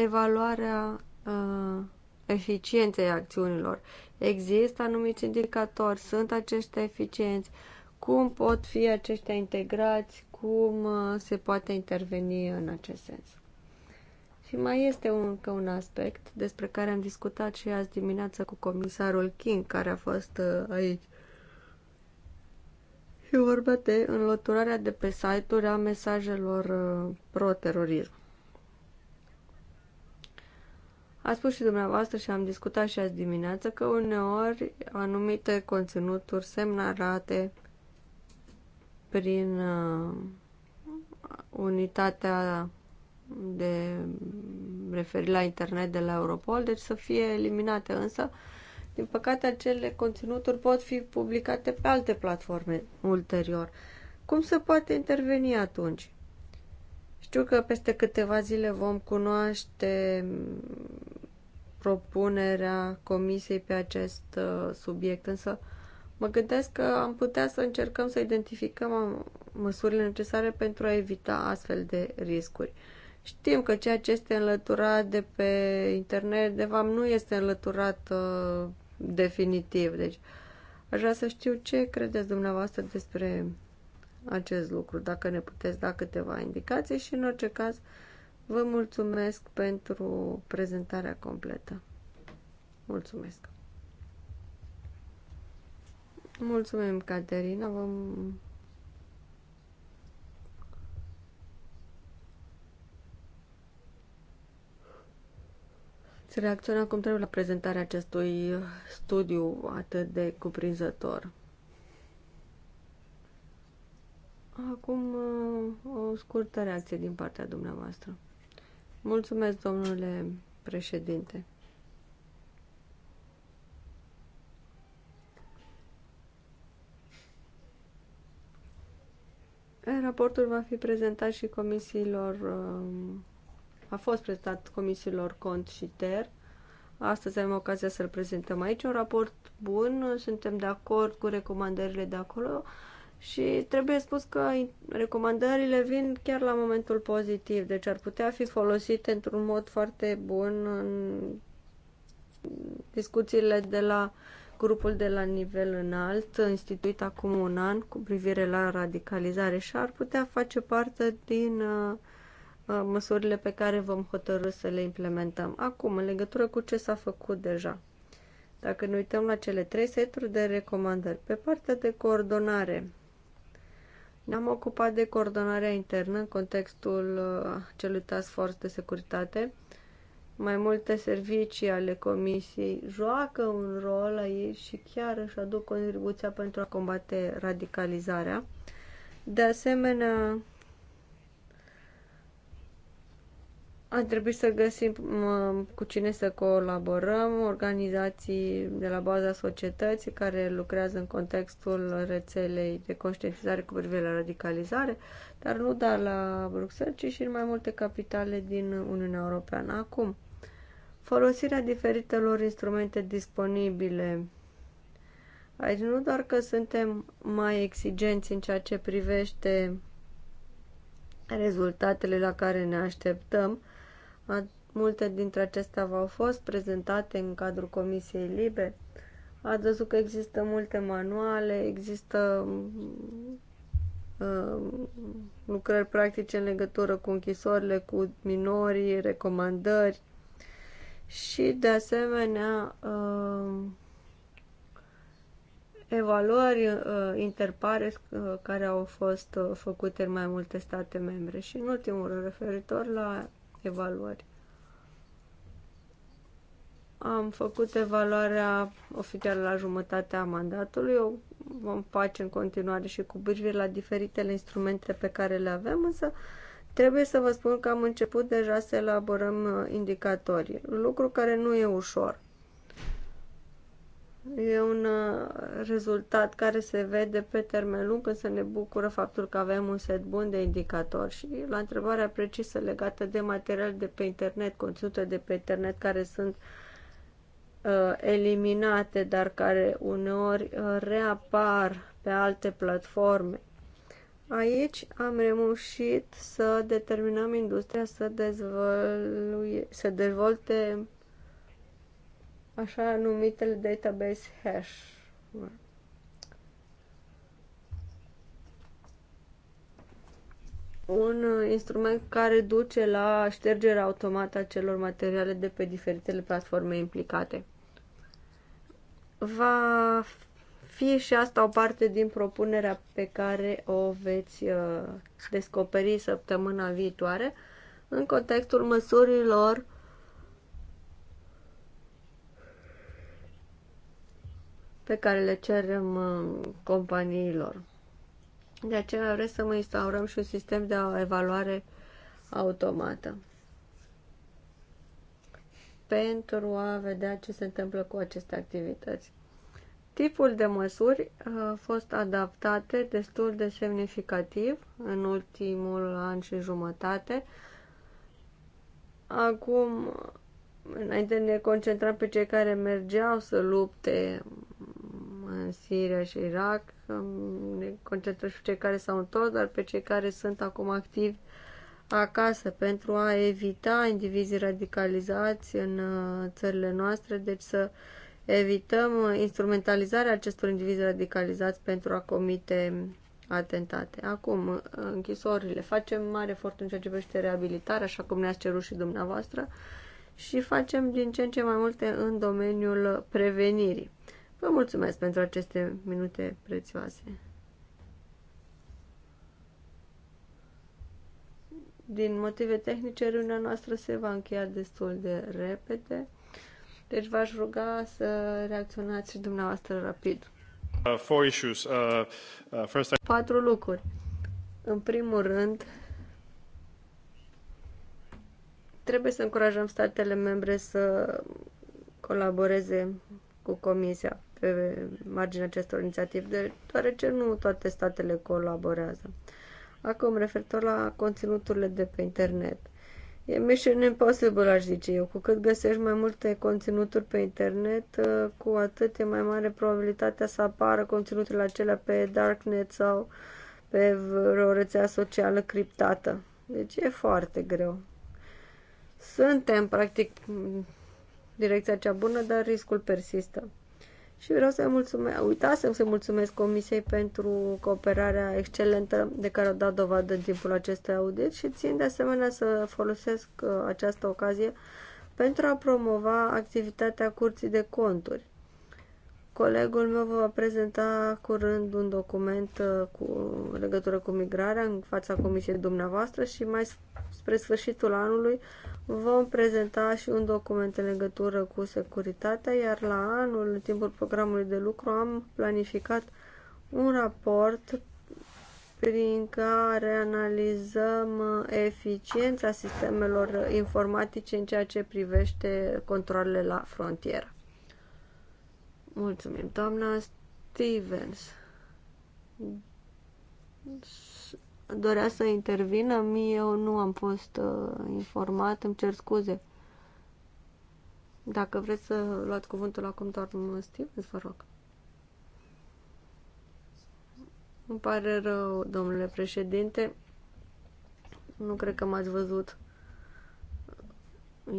B: evaluarea uh, eficienței acțiunilor. Există anumiți indicatori, sunt aceștia eficienți, cum pot fi aceștia integrați, cum uh, se poate interveni în acest sens. Și mai este încă un aspect despre care am discutat și azi dimineață cu comisarul King, care a fost uh, aici. și vorba de înlăturarea de pe site-uri a mesajelor uh, pro-terorism. A spus și dumneavoastră și am discutat și azi dimineață că uneori anumite conținuturi semnalate prin uh, unitatea de referi la internet de la Europol, deci să fie eliminate. Însă, din păcate, acele conținuturi pot fi publicate pe alte platforme ulterior. Cum se poate interveni atunci? Știu că peste câteva zile vom cunoaște propunerea comisiei pe acest uh, subiect, însă mă gândesc că am putea să încercăm să identificăm uh, măsurile necesare pentru a evita astfel de riscuri. Știm că ceea ce este înlăturat de pe internet, de fapt, nu este înlăturat uh, definitiv. Deci, aș vrea să știu ce credeți dumneavoastră despre acest lucru, dacă ne puteți da câteva indicații și, în orice caz, uh, Vă mulțumesc pentru prezentarea completă. Mulțumesc. Mulțumim, Caterina. Vă... Ați reacționăm cum trebuie la prezentarea acestui studiu atât de cuprinzător. Acum uh, o scurtă reacție din partea dumneavoastră. Mulțumesc, domnule președinte. Raportul va fi prezentat și comisiilor, um, a fost prezentat comisiilor cont și TER. Astăzi avem ocazia să-l prezentăm aici. Un raport bun, suntem de acord cu recomandările de acolo. Și trebuie spus că recomandările vin chiar la momentul pozitiv, deci ar putea fi folosite într-un mod foarte bun în discuțiile de la grupul de la nivel înalt, instituit acum un an cu privire la radicalizare și ar putea face parte din uh, uh, măsurile pe care vom hotărâ să le implementăm. Acum, în legătură cu ce s-a făcut deja, dacă ne uităm la cele trei seturi de recomandări, pe partea de coordonare, ne-am ocupat de coordonarea internă în contextul uh, celui task force de securitate. Mai multe servicii ale comisiei joacă un rol aici și chiar își aduc contribuția pentru a combate radicalizarea. De asemenea, a trebuit să găsim cu cine să colaborăm, organizații de la baza societății care lucrează în contextul rețelei de conștientizare cu privire la radicalizare, dar nu doar la Bruxelles, ci și în mai multe capitale din Uniunea Europeană. Acum, folosirea diferitelor instrumente disponibile. Aici nu doar că suntem mai exigenți în ceea ce privește rezultatele la care ne așteptăm, Multe dintre acestea v-au fost prezentate în cadrul Comisiei Libe. Ați văzut că există multe manuale, există uh, lucrări practice în legătură cu închisorile, cu minorii, recomandări și, de asemenea, uh, evaluări uh, uh, care au fost uh, făcute în mai multe state membre. Și în ultimul rând, referitor la evaluări. Am făcut evaluarea oficială la jumătatea mandatului, o vom face în continuare și cu privire la diferitele instrumente pe care le avem, însă trebuie să vă spun că am început deja să elaborăm uh, indicatorii. lucru care nu e ușor. E un uh, rezultat care se vede pe termen lung, când se ne bucură faptul că avem un set bun de indicatori. Și la întrebarea precisă legată de material de pe internet, conținute de pe internet care sunt uh, eliminate, dar care uneori uh, reapar pe alte platforme. Aici am reușit să determinăm industria să, dezvăluie, să dezvolte așa numitele database hash. Un uh, instrument care duce la ștergerea automată a celor materiale de pe diferitele platforme implicate. Va fi și asta o parte din propunerea pe care o veți uh, descoperi săptămâna viitoare în contextul măsurilor pe care le cerem uh, companiilor. De aceea vreau să mai instaurăm și un sistem de evaluare automată pentru a vedea ce se întâmplă cu aceste activități. Tipul de măsuri uh, a fost adaptate destul de semnificativ în ultimul an și jumătate. Acum, înainte ne concentrăm pe cei care mergeau să lupte în Siria și Irak. Ne concentrăm și pe cei care s-au întors, dar pe cei care sunt acum activi acasă pentru a evita indivizii radicalizați în uh, țările noastre, deci să evităm uh, instrumentalizarea acestor indivizi radicalizați pentru a comite atentate. Acum, uh, închisorile. Facem mare efort în ceea ce privește reabilitarea, așa cum ne-ați cerut și dumneavoastră, și facem din ce în ce mai multe în domeniul prevenirii. Vă mulțumesc pentru aceste minute prețioase. Din motive tehnice, reuniunea noastră se va încheia destul de repede, deci v-aș ruga să reacționați și dumneavoastră rapid.
A: Uh, four issues. Uh, uh, first I...
B: Patru lucruri. În primul rând, trebuie să încurajăm statele membre să colaboreze cu Comisia pe marginea acestor inițiative, deoarece nu toate statele colaborează. Acum, referitor la conținuturile de pe internet. E mission impossible, aș zice eu. Cu cât găsești mai multe conținuturi pe internet, uh, cu atât e mai mare probabilitatea să apară conținuturile acelea pe darknet sau pe o rețea socială criptată. Deci e foarte greu. Suntem, practic, direcția cea bună, dar riscul persistă și vreau să-i mulțumesc, uitasem să-i mulțumesc Comisiei pentru cooperarea excelentă de care au dat dovadă în timpul acestui audit și țin de asemenea să folosesc uh, această ocazie pentru a promova activitatea Curții de Conturi. Colegul meu vă va prezenta curând un document uh, cu legătură cu migrarea în fața comisiei dumneavoastră și mai spre sfârșitul anului Vom prezenta și un document în legătură cu securitatea, iar la anul, în timpul programului de lucru, am planificat un raport prin care analizăm eficiența sistemelor informatice în ceea ce privește controlele la frontieră. Mulțumim, doamna Stevens dorea să intervină, mie eu nu am fost uh, informat, îmi cer scuze. Dacă vreți să luați cuvântul acum, doamnă Stevens, vă rog. Îmi pare rău, domnule președinte. Nu cred că m-ați văzut.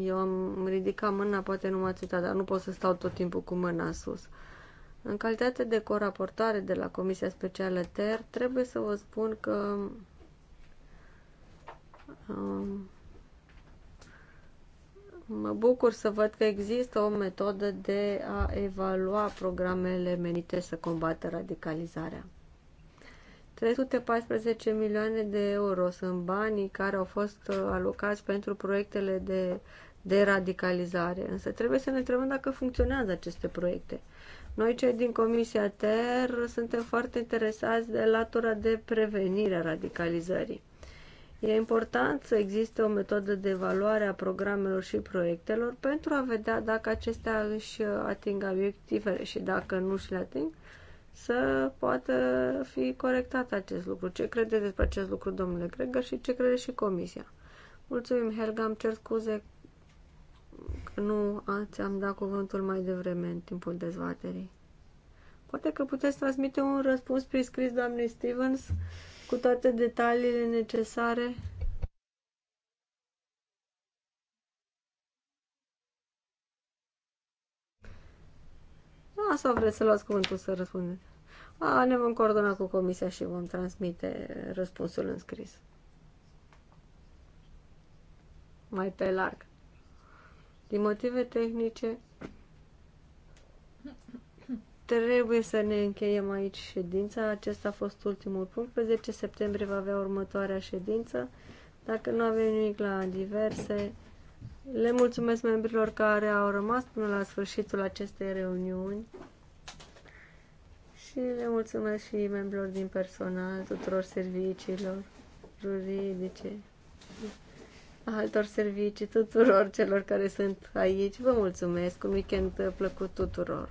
B: Eu am ridicat mâna, poate nu m-ați uitat, dar nu pot să stau tot timpul cu mâna sus. Uh, în calitate de coraportoare de la Comisia Specială TER, trebuie să vă spun că um, mă bucur să văd că există o metodă de a evalua programele menite să combată radicalizarea. 314 milioane de euro sunt banii care au fost uh, alocați pentru proiectele de, de radicalizare, însă trebuie să ne întrebăm dacă funcționează aceste proiecte. Noi, cei din Comisia TER, suntem foarte interesați de latura de prevenire a radicalizării. E important să existe o metodă de evaluare a programelor și proiectelor pentru a vedea dacă acestea își ating obiectivele și dacă nu și le ating, să poată fi corectat acest lucru. Ce credeți despre acest lucru, domnule Gregor, și ce crede și Comisia? Mulțumim, Helga, îmi cer scuze că nu ați am dat cuvântul mai devreme în timpul dezbaterii. Poate că puteți transmite un răspuns prin scris doamnei Stevens cu toate detaliile necesare. sau vreți să luați cuvântul să răspundeți. A, ne vom coordona cu comisia și vom transmite răspunsul în scris. Mai pe larg. Din motive tehnice, trebuie să ne încheiem aici ședința. Acesta a fost ultimul punct. Pe 10 septembrie va avea următoarea ședință. Dacă nu avem nimic la diverse, le mulțumesc membrilor care au rămas până la sfârșitul acestei reuniuni și le mulțumesc și membrilor din personal, tuturor serviciilor juridice altor servicii, tuturor celor care sunt aici. Vă mulțumesc, un weekend plăcut tuturor!